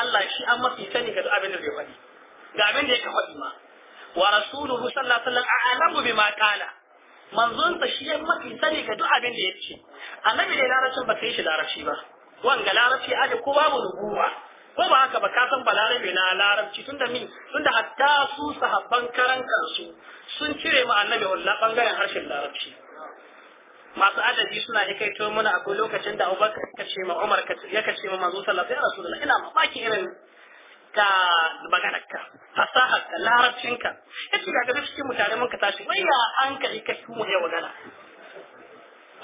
Allah shi an mafi sani ga abin da zai faɗi ga abin da yake faɗi ma wa rasuluhu sallallahu alaihi wasallam a'lamu bima qala manzon sa shi an mafi sani ga duk abin da yake annabi da larabcin ba kai shi larabci ba wanga larabci aje ko babu nubuwa ko ba haka ba ka san balarabe na larabci tunda min tunda hatta su sahabban karan kansu sun cire ma annabi wallahi bangaren harshen larabci masu adadi suna ya kai to mana akwai lokacin da Abubakar ya ce ma Umar ya kace ma manzo sallallahu alaihi wasallam ina mamaki irin ka maganarka fasaharka larabcinka yace ga gaba cikin mutane mun ka tashi wai ya an ka kai ka kuma ya magana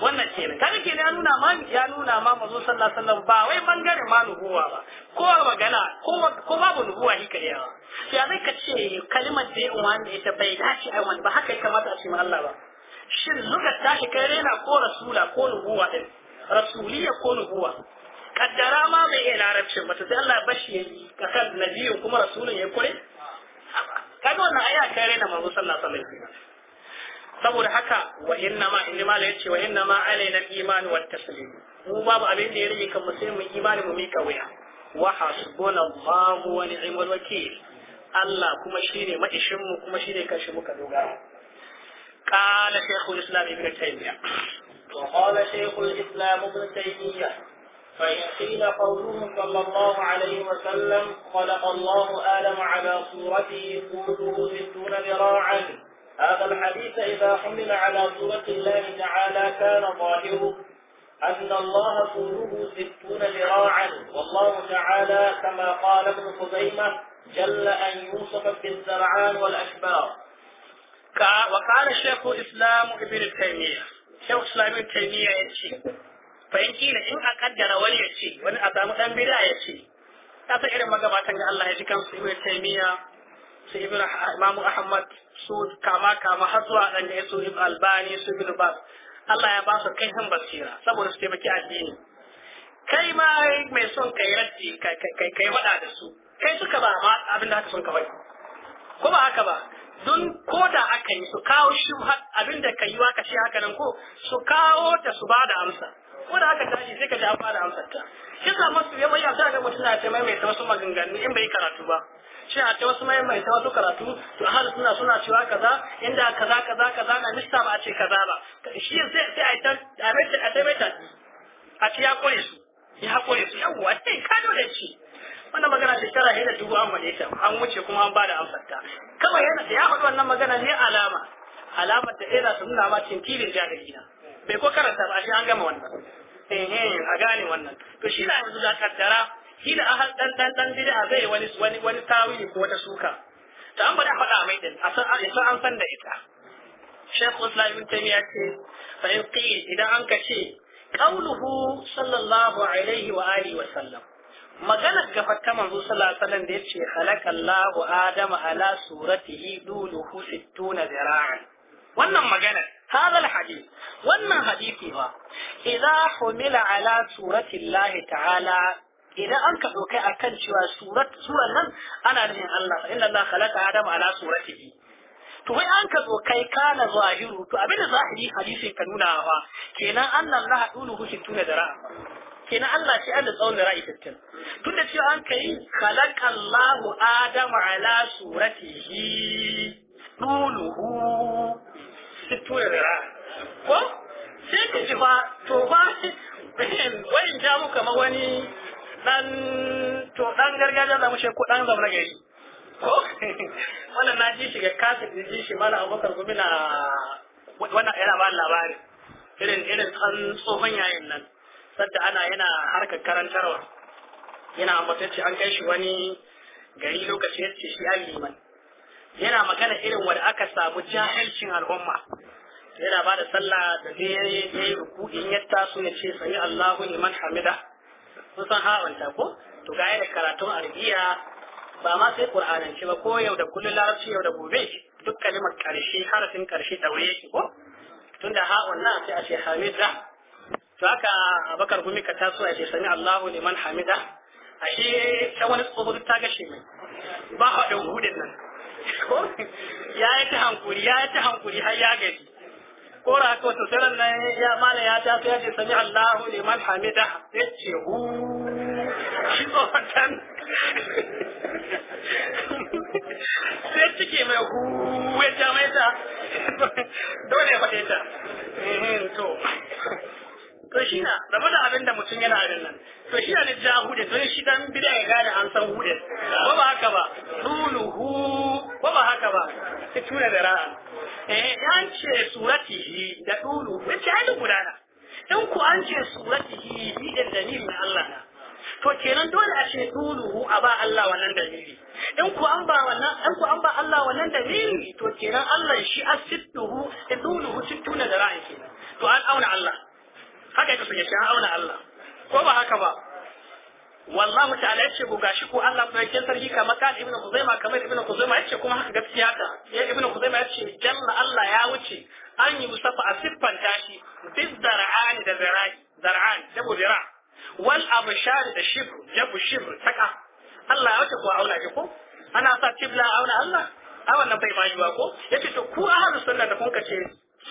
wannan kenan kaga kenan ya nuna ma ya nuna ma manzo sallallahu alaihi wasallam ba wai bangare ma nubuwa ba ko magana ko ko babu nubuwa hi kare yawa ya zai ka ce kalimar da ya umma ita bai dace ai wani ba haka ya kamata a ce ma Allah ba wallahi kai rena ko rasula ko nubuwa din rasuliya ko nubuwa kaddara ma mai iya larabcin ba sai Allah bashi yayi ka kan nabiyin kuma rasulun ya kure Ka kaga wannan aya kai rena manzo sallallahu alaihi wasallam saboda haka wa inna ma inna ma yace wa inna ma alaina al-iman wa taslim mu babu abin da ya rike kan musulmi imani mu mika wuya wa hasbuna Allahu wa ni'mal wakeel Allah kuma shine maishin mu kuma shine kashi muka dogara قال شيخ الإسلام ابن تيمية وقال شيخ الإسلام ابن تيمية فإن قيل قوله صلى الله عليه وسلم خلق الله آدم على صورته طوله ستون ذراعا هذا الحديث إذا حمل على صورة الله تعالى كان ظاهره أن الله طوله ستون ذراعا والله تعالى كما قال ابن خزيمة جل أن يوصف بالزرعان والأشبار wa kana shaykhu islam ibn taymiya shaykhu islam ibn taymiya yace fa in kila in a kaddara wani yace wani a samu dan bid'a yace san irin magabatan da Allah ya ji kansu ibn taymiya su ibn imam ahmad su kama kama har zuwa dan da su ibn albani su ibn bas Allah ya ba su kaihin basira saboda su taimaki addini kai ma mai son kai raddi kai kai wada da su kai suka ba abin da haka sun kawai ko ba haka ba don ko da aka yi su kawo shi abin da ka yi wa ka ce haka nan ko su kawo ta su ba da amsa ko da aka tashi sai ka ji an ba da amsar ta shi sa masu yawa yi ta ga mutum na ta maimaita wasu maganganu in bai karatu ba shi a ta wasu maimaita wasu karatu to har suna suna cewa kaza inda kaza kaza kaza na nista ba a ce kaza ba shi sai sai a ta a ta a ta a ce ya kore su ya kore su yawwa sai eh, ka dole shi wannan magana ta ɗaya da dubu an faɗe ta an wuce kuma an bada amsar ta kawai yana ya faɗi wannan magana ne alama alamar da ɗaya za su nuna ma tintirin jahili na bai ko karanta ba shi an gama wannan a gane wannan to shi na yanzu da kaddara shi da ahal dan dan dan a zai wani wani wani tawili ko wata suka To an bada faɗa mai din a san an san da ita Sheikh Islam Ibn Taymiyyah ce fa in qil idan an kace qawluhu sallallahu alaihi wa alihi wa sallam maganar gafar ta manzo sallallahu da yace halakallahu adama ala suratihi duluhu sittuna zira'an wannan magana هذا الحديث وانا حديثي با اذا حمل على سورة الله تعالى اذا انك دوكي اكن شوى سورة سورة لن ana من Allah, ان الله خلق ادم على سورته to wai an ka zo kai kana zahiru to abin da zahiri hadisi ka nuna wa kenan annan la hadulu husituna dara'a kenan Allah shi Allah tsawon ra'i tattal tun da cewa an kai khalaqallahu adama ala suratihi tuluhu situra ko sai ka ji ba to ba wani ja mu kamar wani dan to dan gargajiya zamu shi ko dan zamu gari ko wannan na ji shi ga kasir ji shi mala abubakar gumi na wannan yana ba labari irin irin tsohon yayin nan sadda ana yana harkar karantarwa yana an kai shi wani gari lokaci ya ce shi an liman yana magana irin wanda aka samu jahilcin al'umma yana ba da sallah da zai yi ruku'in ya taso ya ce sami Allahu liman hamida sun san hawanta ko to ga yana karatun arabiya ba ma sai qur'anance ba ko yau da kullun larabci yau da gobe duk kalimar karshe harafin karshe ɗauye yake ko tunda ha'un na sai a ce hamida to haka abakar gumi ka taso a ce sami Allahu liman hamida shi ta wani tsohon ta gashe mai ba haɗin hudin nan ya yi ta hankuri ya yi ta hankuri har ya gari kora haka wata tsirar nan ya mana ya taso ya ce sami Allahu liman hamida ya ce hu shi tsohon tan sai cike mai hu ya ja mai ta dole ya faɗe ta eh, to to shi na rabu da abin da mutum yana abin nan to shi na da ja hude to shi dan bida ya gane an san hude ba ba haka ba tuluhu ba ba haka ba ta tuna da ra'a eh an ce suratihi da tulu ce ai gudana in ku an ce suratihi ni da dalil na Allah na to kenan dole a ce tuluhu a ba Allah wannan dalili in ku an ba wannan in ku an ba Allah wannan dalili to kenan Allah shi asittuhu tuluhu sittuna da ra'a kenan to an auna Allah haka yake sun yace an auna Allah ko ba haka ba wallahi ta'ala yace ku gashi ko Allah ba yake sarki kamar kan ibn Khuzaimah kamar ibn Khuzaimah yace kuma haka gaskiya ta ya ibn Khuzaimah yace janna Allah ya wuce an yi musafa a siffan tashi bis zar'an da zar'an zar'an da zira wal abshar da shibr da shibr taka Allah ya wuce ko auna ki ko ana sa tibla auna Allah a wannan bai bayuwa ko yace to ku ahlus sunna da kun kace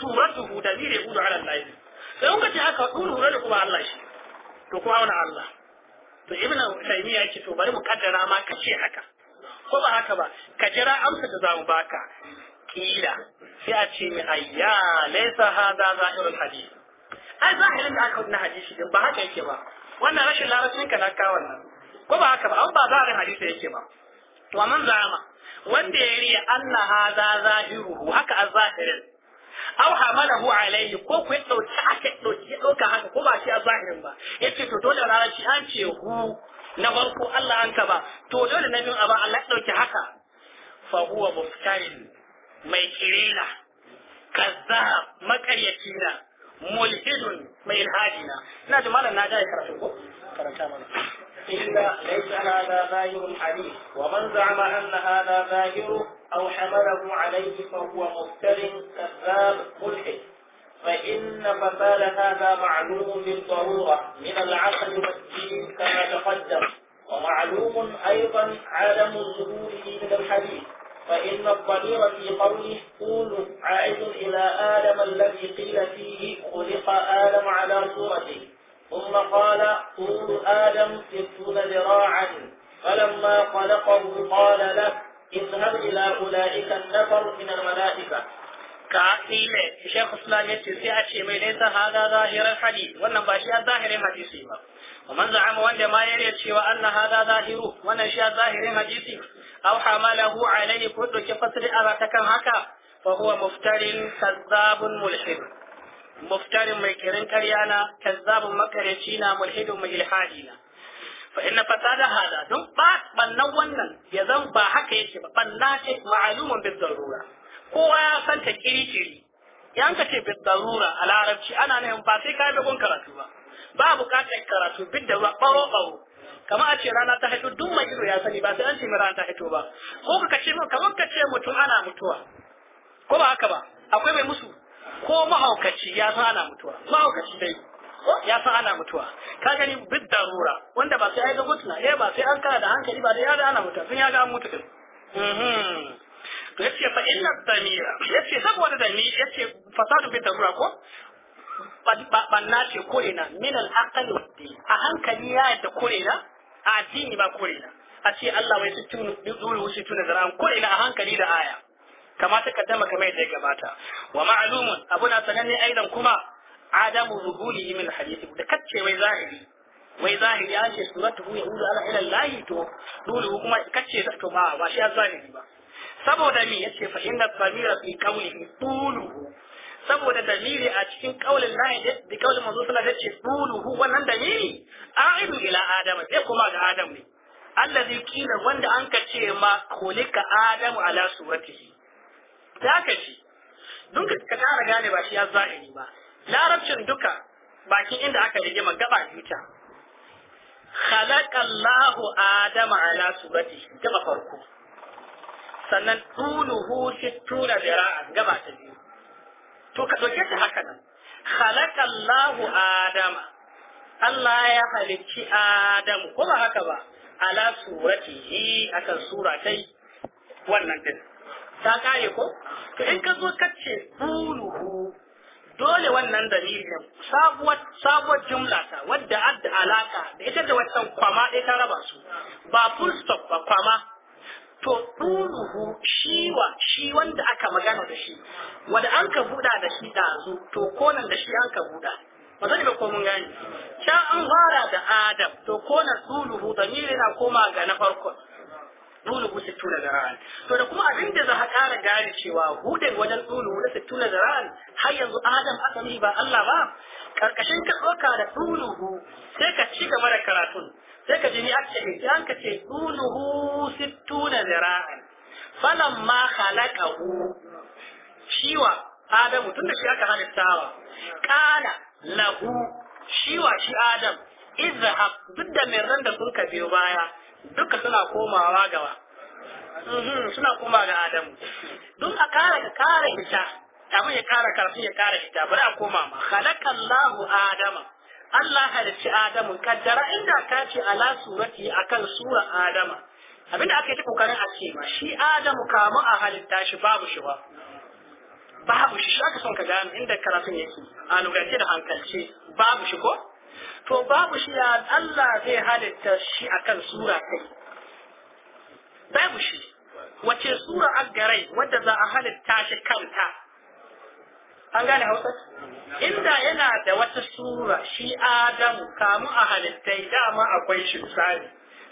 suratuhu da zire udu ala Allah sai kun ce haka kun lura da kuma Allah shi to kuma wani Allah to ibn taymiya yake to bari mu kaddara ma ka ce haka ko ba haka ba ka jira amsa da zamu baka kila sai a ce mi ayya laysa hada zahirul hadith ai zahirin da aka na hadisi din ba haka yake ba wannan rashin larabcin ka na ka nan ko ba haka ba an ba zahirin hadisi yake ba to amma zama wanda ya riya anna hadha zahiruhu haka azahirin aw hamalahu alayhi ko ku dauki aka dauki dauka haka ko ba shi a zahirin ba yace to dole ranar shi an ce hu na farko Allah an ba to dole na biyu a ba Allah dauki haka fa huwa muftarin mai kirina kazzab makaryaci na mulhidun mai ilhadina ina da malam na ga karatu ko karanta mana إلا ليس هذا ظاهر الحديث ومن زعم أن هذا ظاهره أو حمله عليه فهو مفتر كذاب ملحد فإن مثال هذا معلوم بالضرورة من العقل والدين كما تقدم ومعلوم أيضا عدم ظهوره من الحديث فإن الضمير في قوله قول عائد إلى آدم الذي قيل فيه خلق آدم على صورته ثم قال طول آدم ستون ذراعا فلما خلقه قال له اذهب إلى أولئك النفر من الملائكة كعقيمة الشيخ الإسلام يتسيع الشيء ليس هذا ظاهر الحديث وأن باشي الظاهر ما تسيبه ومن زعم وأن ما يريد شيء وأن هذا ظاهره وأن شيء ظاهر ما تسيبه أو حمله عليه كل كفتر أبتك هكا فهو مفتر كذاب ملحد مفتر مكرن كريانا كذاب مكرشينا ملحد مجلحادينا fa inna fasada hada don ba bannan wannan ya zan ba haka yake ba banna ce ma'alumun bil darura kowa ya san ta kirikiri ce bil darura a larabci ana ne ba sai ka dogon karatu ba ba bukatar karatu bil da baro baro kama a ce rana ta haito duk mai ido ya sani ba sai an ce rana ta haito ba ko ka ce kamar ka ce mutum ana mutuwa ko ba haka ba akwai mai musu ko mahaukaci ya san ana mutuwa mahaukaci dai ya san ana mutuwa ka gani bid darura wanda ba sai ya ga mutuna eh ba sai an kana da hankali ba da ya ana mutuwa sun ya ga an mutu din mm-hmm. to yace fa inna tamira yace saboda ni yace fasadu bid darura ko na ce korena min al-aqal a hankali ya yadda na a addini ba kore na. a ce Allah wai sittun dole wuce tuna Kore na a hankali da aya kama ta kaddama kamar yadda ya gabata wa ma'lumun abuna sananne aidan kuma adamu yi min alhadith da kace wai zahiri wai zahiri ya ce suratuhu yahudu ala ila allah to dole kuma kace to ba ba shi ya zahiri ba saboda me yace fa inna dhamira fi qawlihi tuluhu saboda damiri a cikin kaulin lahi da kaulin manzo sallallahu alaihi wasallam yace tuluhu wannan damiri a'idu ila adama sai kuma ga adam ne allazi kila wanda an ka ce ma kholika adamu ala suratihi zaka ci duk ka tara gane ba shi ya zahiri ba larabcin duka bakin inda aka gama gaba yuta khalaqallahu adama ala surati gaba farko sannan tuluhu sittuna zira'an gaba ta biyu to ka dauke shi haka nan khalaqallahu adama Allah ya halicci Adamu ko ba haka ba ala suratihi akan sura kai wannan din ta kare ko to in ka zo ka ce tuluhu dole wannan dalilin sabuwar jumla ta wadda adda alaka da ita da wannan kwama ɗaya ta raba su ba full stop ba kwama to ɗuruhu shi wa shi wanda aka magana da shi wanda an ka buɗa da shi ɗazu to konan da shi an ka buɗa ba zai ba ko mun gani can an fara da adam to konan ɗuruhu da miri koma ga na farkon dole ku sittu na zara'an to da kuma abin da za a ƙara gane cewa hudar wajen dole wani sittu na zara'an har yanzu adam aka yi ba Allah ba karkashin ka ɗauka da duluhu sai ka ci gaba da karatun sai ka ji ni ake ne sai ka ce sittu na zara'an falan ma ku? shiwa adamu tunda shi aka halittawa kana lahu shiwa shi adam izhab duk da mai ran da sun ka biyo baya duka suna komawa gawa mhm, suna komawa ga adamu duk a kare ka kare ita abin ya kara karfi ya kara ita bari a koma ma lahu, adama Allah halicci adamu kaddara inda ka ce ala surati akan sura adama abinda aka yi ta kokarin a ce ma shi adamu kamu a halitta shi babu shi ba babu shi shi aka son ka gano inda karafin yake a lokacin da hankalci babu shi ko to babu shi ya Allah zai halitta shi akan sura kai babu shi wace sura an garai wadda za a halitta shi kanta an gane hausa inda yana da wata sura shi Adamu kamu a halittai dama akwai shi misali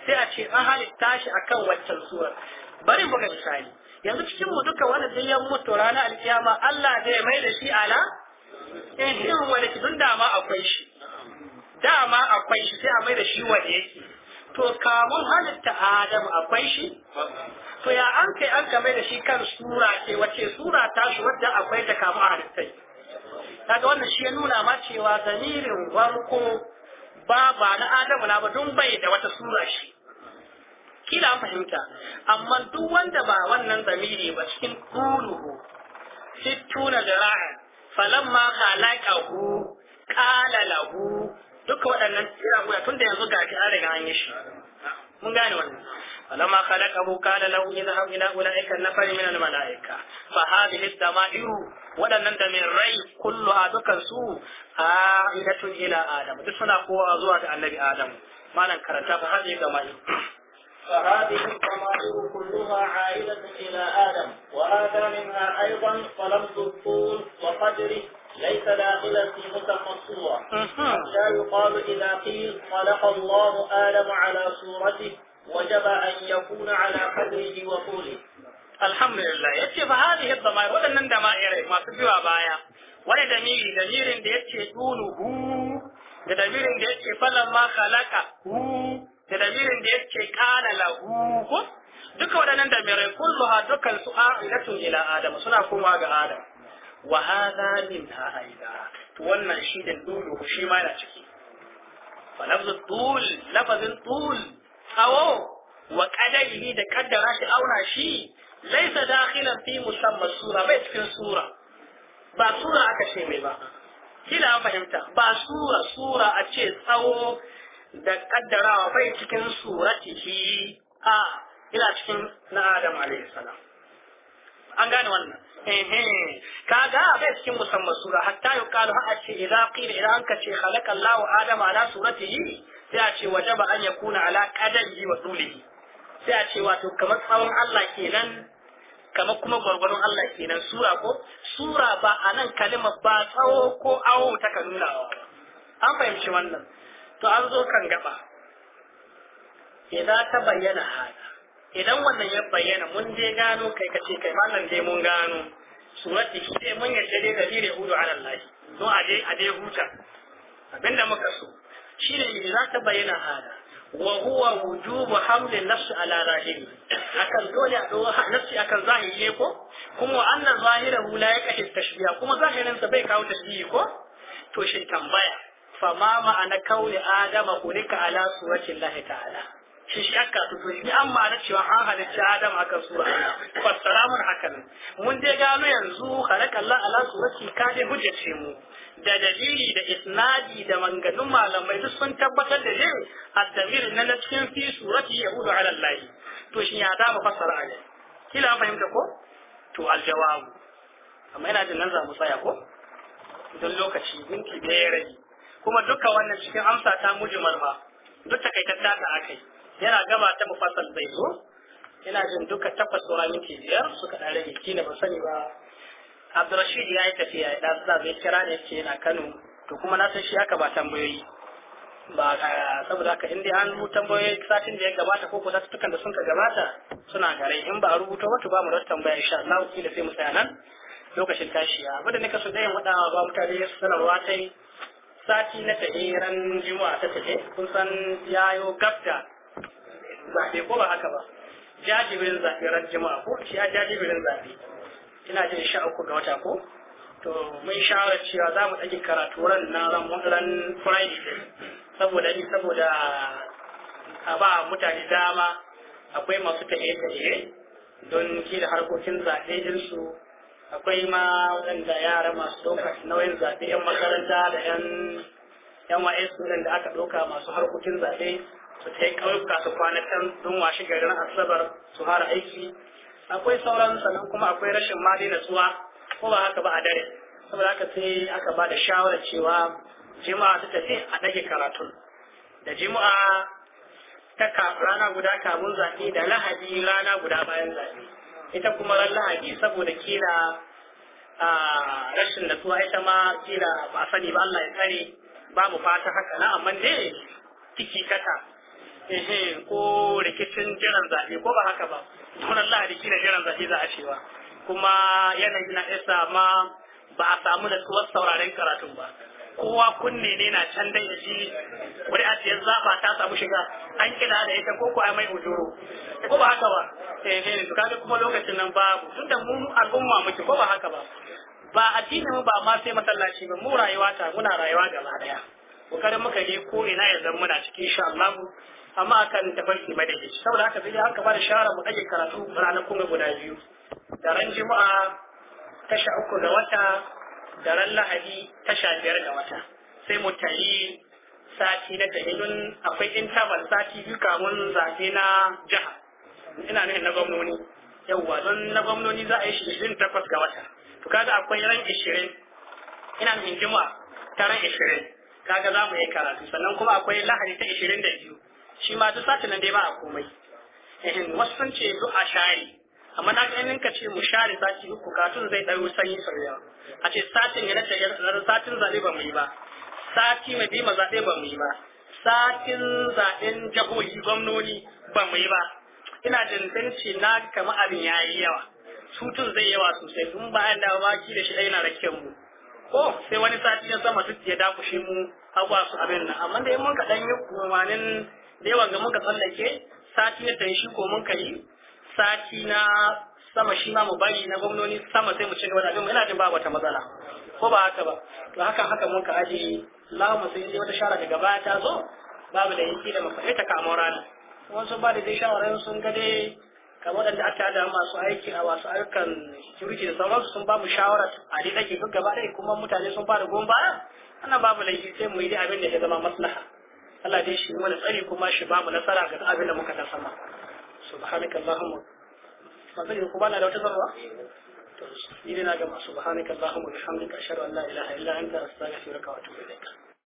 sai a ce an halitta shi akan waccan sura bari mu ga misali yanzu cikin mu duka wanda zai yi mutu rana alkiyama Allah zai mai da shi ala in irin wani tun dama akwai shi dama akwai shi sai a mai da shi wanda yake to kamun halitta adam akwai shi to ya an kai an ka mai da shi kan sura ce wace sura ta shi wadda akwai ta kamun halitta kaga wannan shi ya nuna ma cewa zamirin warko ba ba na adamu na ba don bai da wata sura shi kila an fahimta amma duk wanda ba wannan zamiri ba cikin kuluhu sittuna ra'a falamma khalaqahu qala lahu duka waɗannan ina wuya tun da yanzu gashi an riga an yi shi mun gane wannan فلما خلقه قال له اذهب الى اولئك النفر من الملائكه فهذه الدمائر waɗannan da min rai kullu a dukan su a'idatun ila adam duk suna kowa zuwa ga annabi adam malam karanta fa hadi فهذه الضمائر كلها عائدة إلى آدم وهذا منها أيضا فلفظ الطول وقدره ليس داخلا في متى مقصورة حتى يقال إذا قيل خلق الله آدم على صورته وجب أن يكون على قدره وطوله الحمد لله يتي فهذه الضمائر ولن الضمائر ما تبيوا بايا wani damiri damirin da yake tunu hu da damirin da yake falan ma halaka hu da damirin da yake kana lahu ko duka waɗannan damirai kullu ha dukkan su a'ilatun ila adam suna komawa ga adam wa hadha minha aida to wannan shi da dulu shi ma yana ciki fa dul, tul lafazin tul tsawo wa qadarihi da kaddara shi auna shi laysa dakhilan fi musamma sura bai cikin sura ba sura aka ce mai ba kila an fahimta ba sura sura a ce tsawo da kaddarawa bai cikin suratihi a ila cikin na adam alaihi salam an gane wannan kaga bai cikin musamman sura hatta kalu a ce idan qila idan anka ce Allah wa Adam ala yi sai a ce wajaba an ya kuna ala yi wa tulihi sai a ce wato kamar tsawon Allah kenan kamar kuma gwargwaron Allah kenan sura ko sura ba a nan kalima ba tsawo ko awo ta ka nuna an fahimci wannan to an zo kan gaba idan ta bayyana hada idan wannan ya bayyana mun je gano kai kace kai mallan dai mun gano surati shi dai mun yarda dai dire hudu ala Allah don a dai a dai huta abinda muka so shine idan za ta bayyana hada wa huwa wujubu hamli nafsi ala rahim akan dole a dawo nafsi akan zahiri ne ko kuma anna zahirahu la yakahi tashbiya kuma zahirin sa bai kawo tashbihi ko to shi tambaya fa ma ma'ana kauli adama kulika ala surati Allah ta'ala shi shi aka tuto shi an ma'ana cewa an halitta adam akan sura fassara mun haka nan mun dai gano yanzu halaka Allah ala surati ka dai hujjace mu da dalili da isnadi da manganun malamai duk sun tabbatar da jin addamir na na cikin fi surati yahudu ala Allah to shi ya da mu fassara ayan kila an fahimta ko to aljawabu amma ina jin nan za mu tsaya ko don lokaci minti da ya rage kuma duka wannan cikin amsa ta mujmal ma duk takaitatta da akai yana gama ta mufassal bai zo ina jin duka takwas saura minti biyar suka dare da kina ba sani ba Abdurrashid ya yi tafiya ya dasu zai kira ne ce yana Kano to kuma na san shi haka ba tambayoyi ba saboda haka in dai an rubuta tambayoyi satin da ya gabata ko kuma satuttukan da sun ka gabata suna gare in ba a rubuta wata ba mu da tambaya insha Allah da sai mu tsaya nan lokacin tashi ya abinda nika so dayan wadawa ba mutane su sanarwa ta sati na tafi ran juma'a ta tafi kun san yayo gabda zaɓe ko ba haka ba jajibirin zaɓe ran jama'a ko shi ya jajibirin zaɓe ina jin sha uku ga wata ko to mun shawara cewa za mu ɗage karatu ran na ran friday saboda ni saboda a ba mutane dama akwai masu tafiye-tafiye don ki da harkokin zaɓe su, akwai ma waɗanda yara masu ɗaukar nauyin zaɓe 'yan makaranta da 'yan yan wa'ai su da aka ɗauka masu harkokin zaɓe su ta yi ƙauyuka su kwana kan don washe garin asabar su fara aiki akwai sauran sannan kuma akwai rashin mali na tsuwa ko ba haka ba a dare saboda haka sai aka ba da shawarar cewa jima'a ta tafi a dage karatun da jima'a ta rana guda kamun zaɓe da lahadi rana guda bayan zaɓe ita kuma ran lahadi saboda kila a rashin natsuwa ita ma kila ba sani ba Allah ya tsare ba mu fata haka na amma dai ciki kata ehe ko rikicin jiran zaɓe ko ba haka ba don Allah da jiran zaɓe za a cewa kuma yanayi na isa ma ba a samu da tuwar sauraren karatun ba kowa kunne ne na can dai shi ƙuri'a ce ya zaɓa ta samu shiga an kira da ita ko kuwa mai ujuru ko ba haka ba ehe to da kuma lokacin nan babu da mun al'umma muke ko ba haka ba ba addini mu ba ma sai masallaci ba mu rayuwa ta muna rayuwa gaba daya kokarin muka je ko ina ya zama muna cikin insha Allah amma akan tafarki madadi saboda haka sai har ka da shara mu dage karatu ranar kuma guda biyu daren juma'a tasha uku ga wata daren lahadi tasha biyar ga wata sai mu tayi sati na tahilun akwai interval sati biyu kamun zafi na jiha ina nuhin na gwamnoni yauwa don na gwamnoni za a yi shirin takwas ga wata to kaga akwai ran ishirin ina min juma'a ta ran ishirin kaga za mu yi karatu sannan kuma akwai lahadi ta ishirin biyu shi ma duk satin nan dai ba a komai wasu sun ce duk a share amma na ga ka ce mu share sati uku katun zai ɗau sanyi sau a ce satin ya nace satin zaɓe ba mu yi ba sati mai bi ma zaɓe ba mu yi ba satin zaɓen jahohi gwamnoni ba mu yi ba ina jin tsanci na kama abin yayi yawa tutun zai yawa sosai in bayan da baki da shi ɗaya na rakken mu ko sai wani sati na sama duk ya shi mu abuwa su abin nan amma dai mun ka dan yi kumanin da yawan ga muka tsallake sati na ta shi ko mun ka yi sati na sama shi ma mu bari na gwamnoni sama sai mu ci gaba da abin ina jin ba wata matsala ko ba haka ba to haka haka mun ka aji mu sai dai wata shara daga baya ta zo babu da yake da mafaita ka wasu ba da dai shawaran sun ga dai kamar waɗanda aka da masu aiki a wasu ayyukan security da sauransu sun ba mu shawara a dai ɗage duk gaba ɗaya kuma mutane sun fara goyon baya ana babu laifi sai mu yi dai abin da ya zama maslaha Allah dai shi mana tsari kuma shi ba mu nasara ga abin da muka ta sama subhanaka allahumma manzon ku bana da wata zarwa to ni dai na ga subhanaka allahumma bihamdika ashhadu an la ilaha illa anta astaghfiruka wa atubu ilaik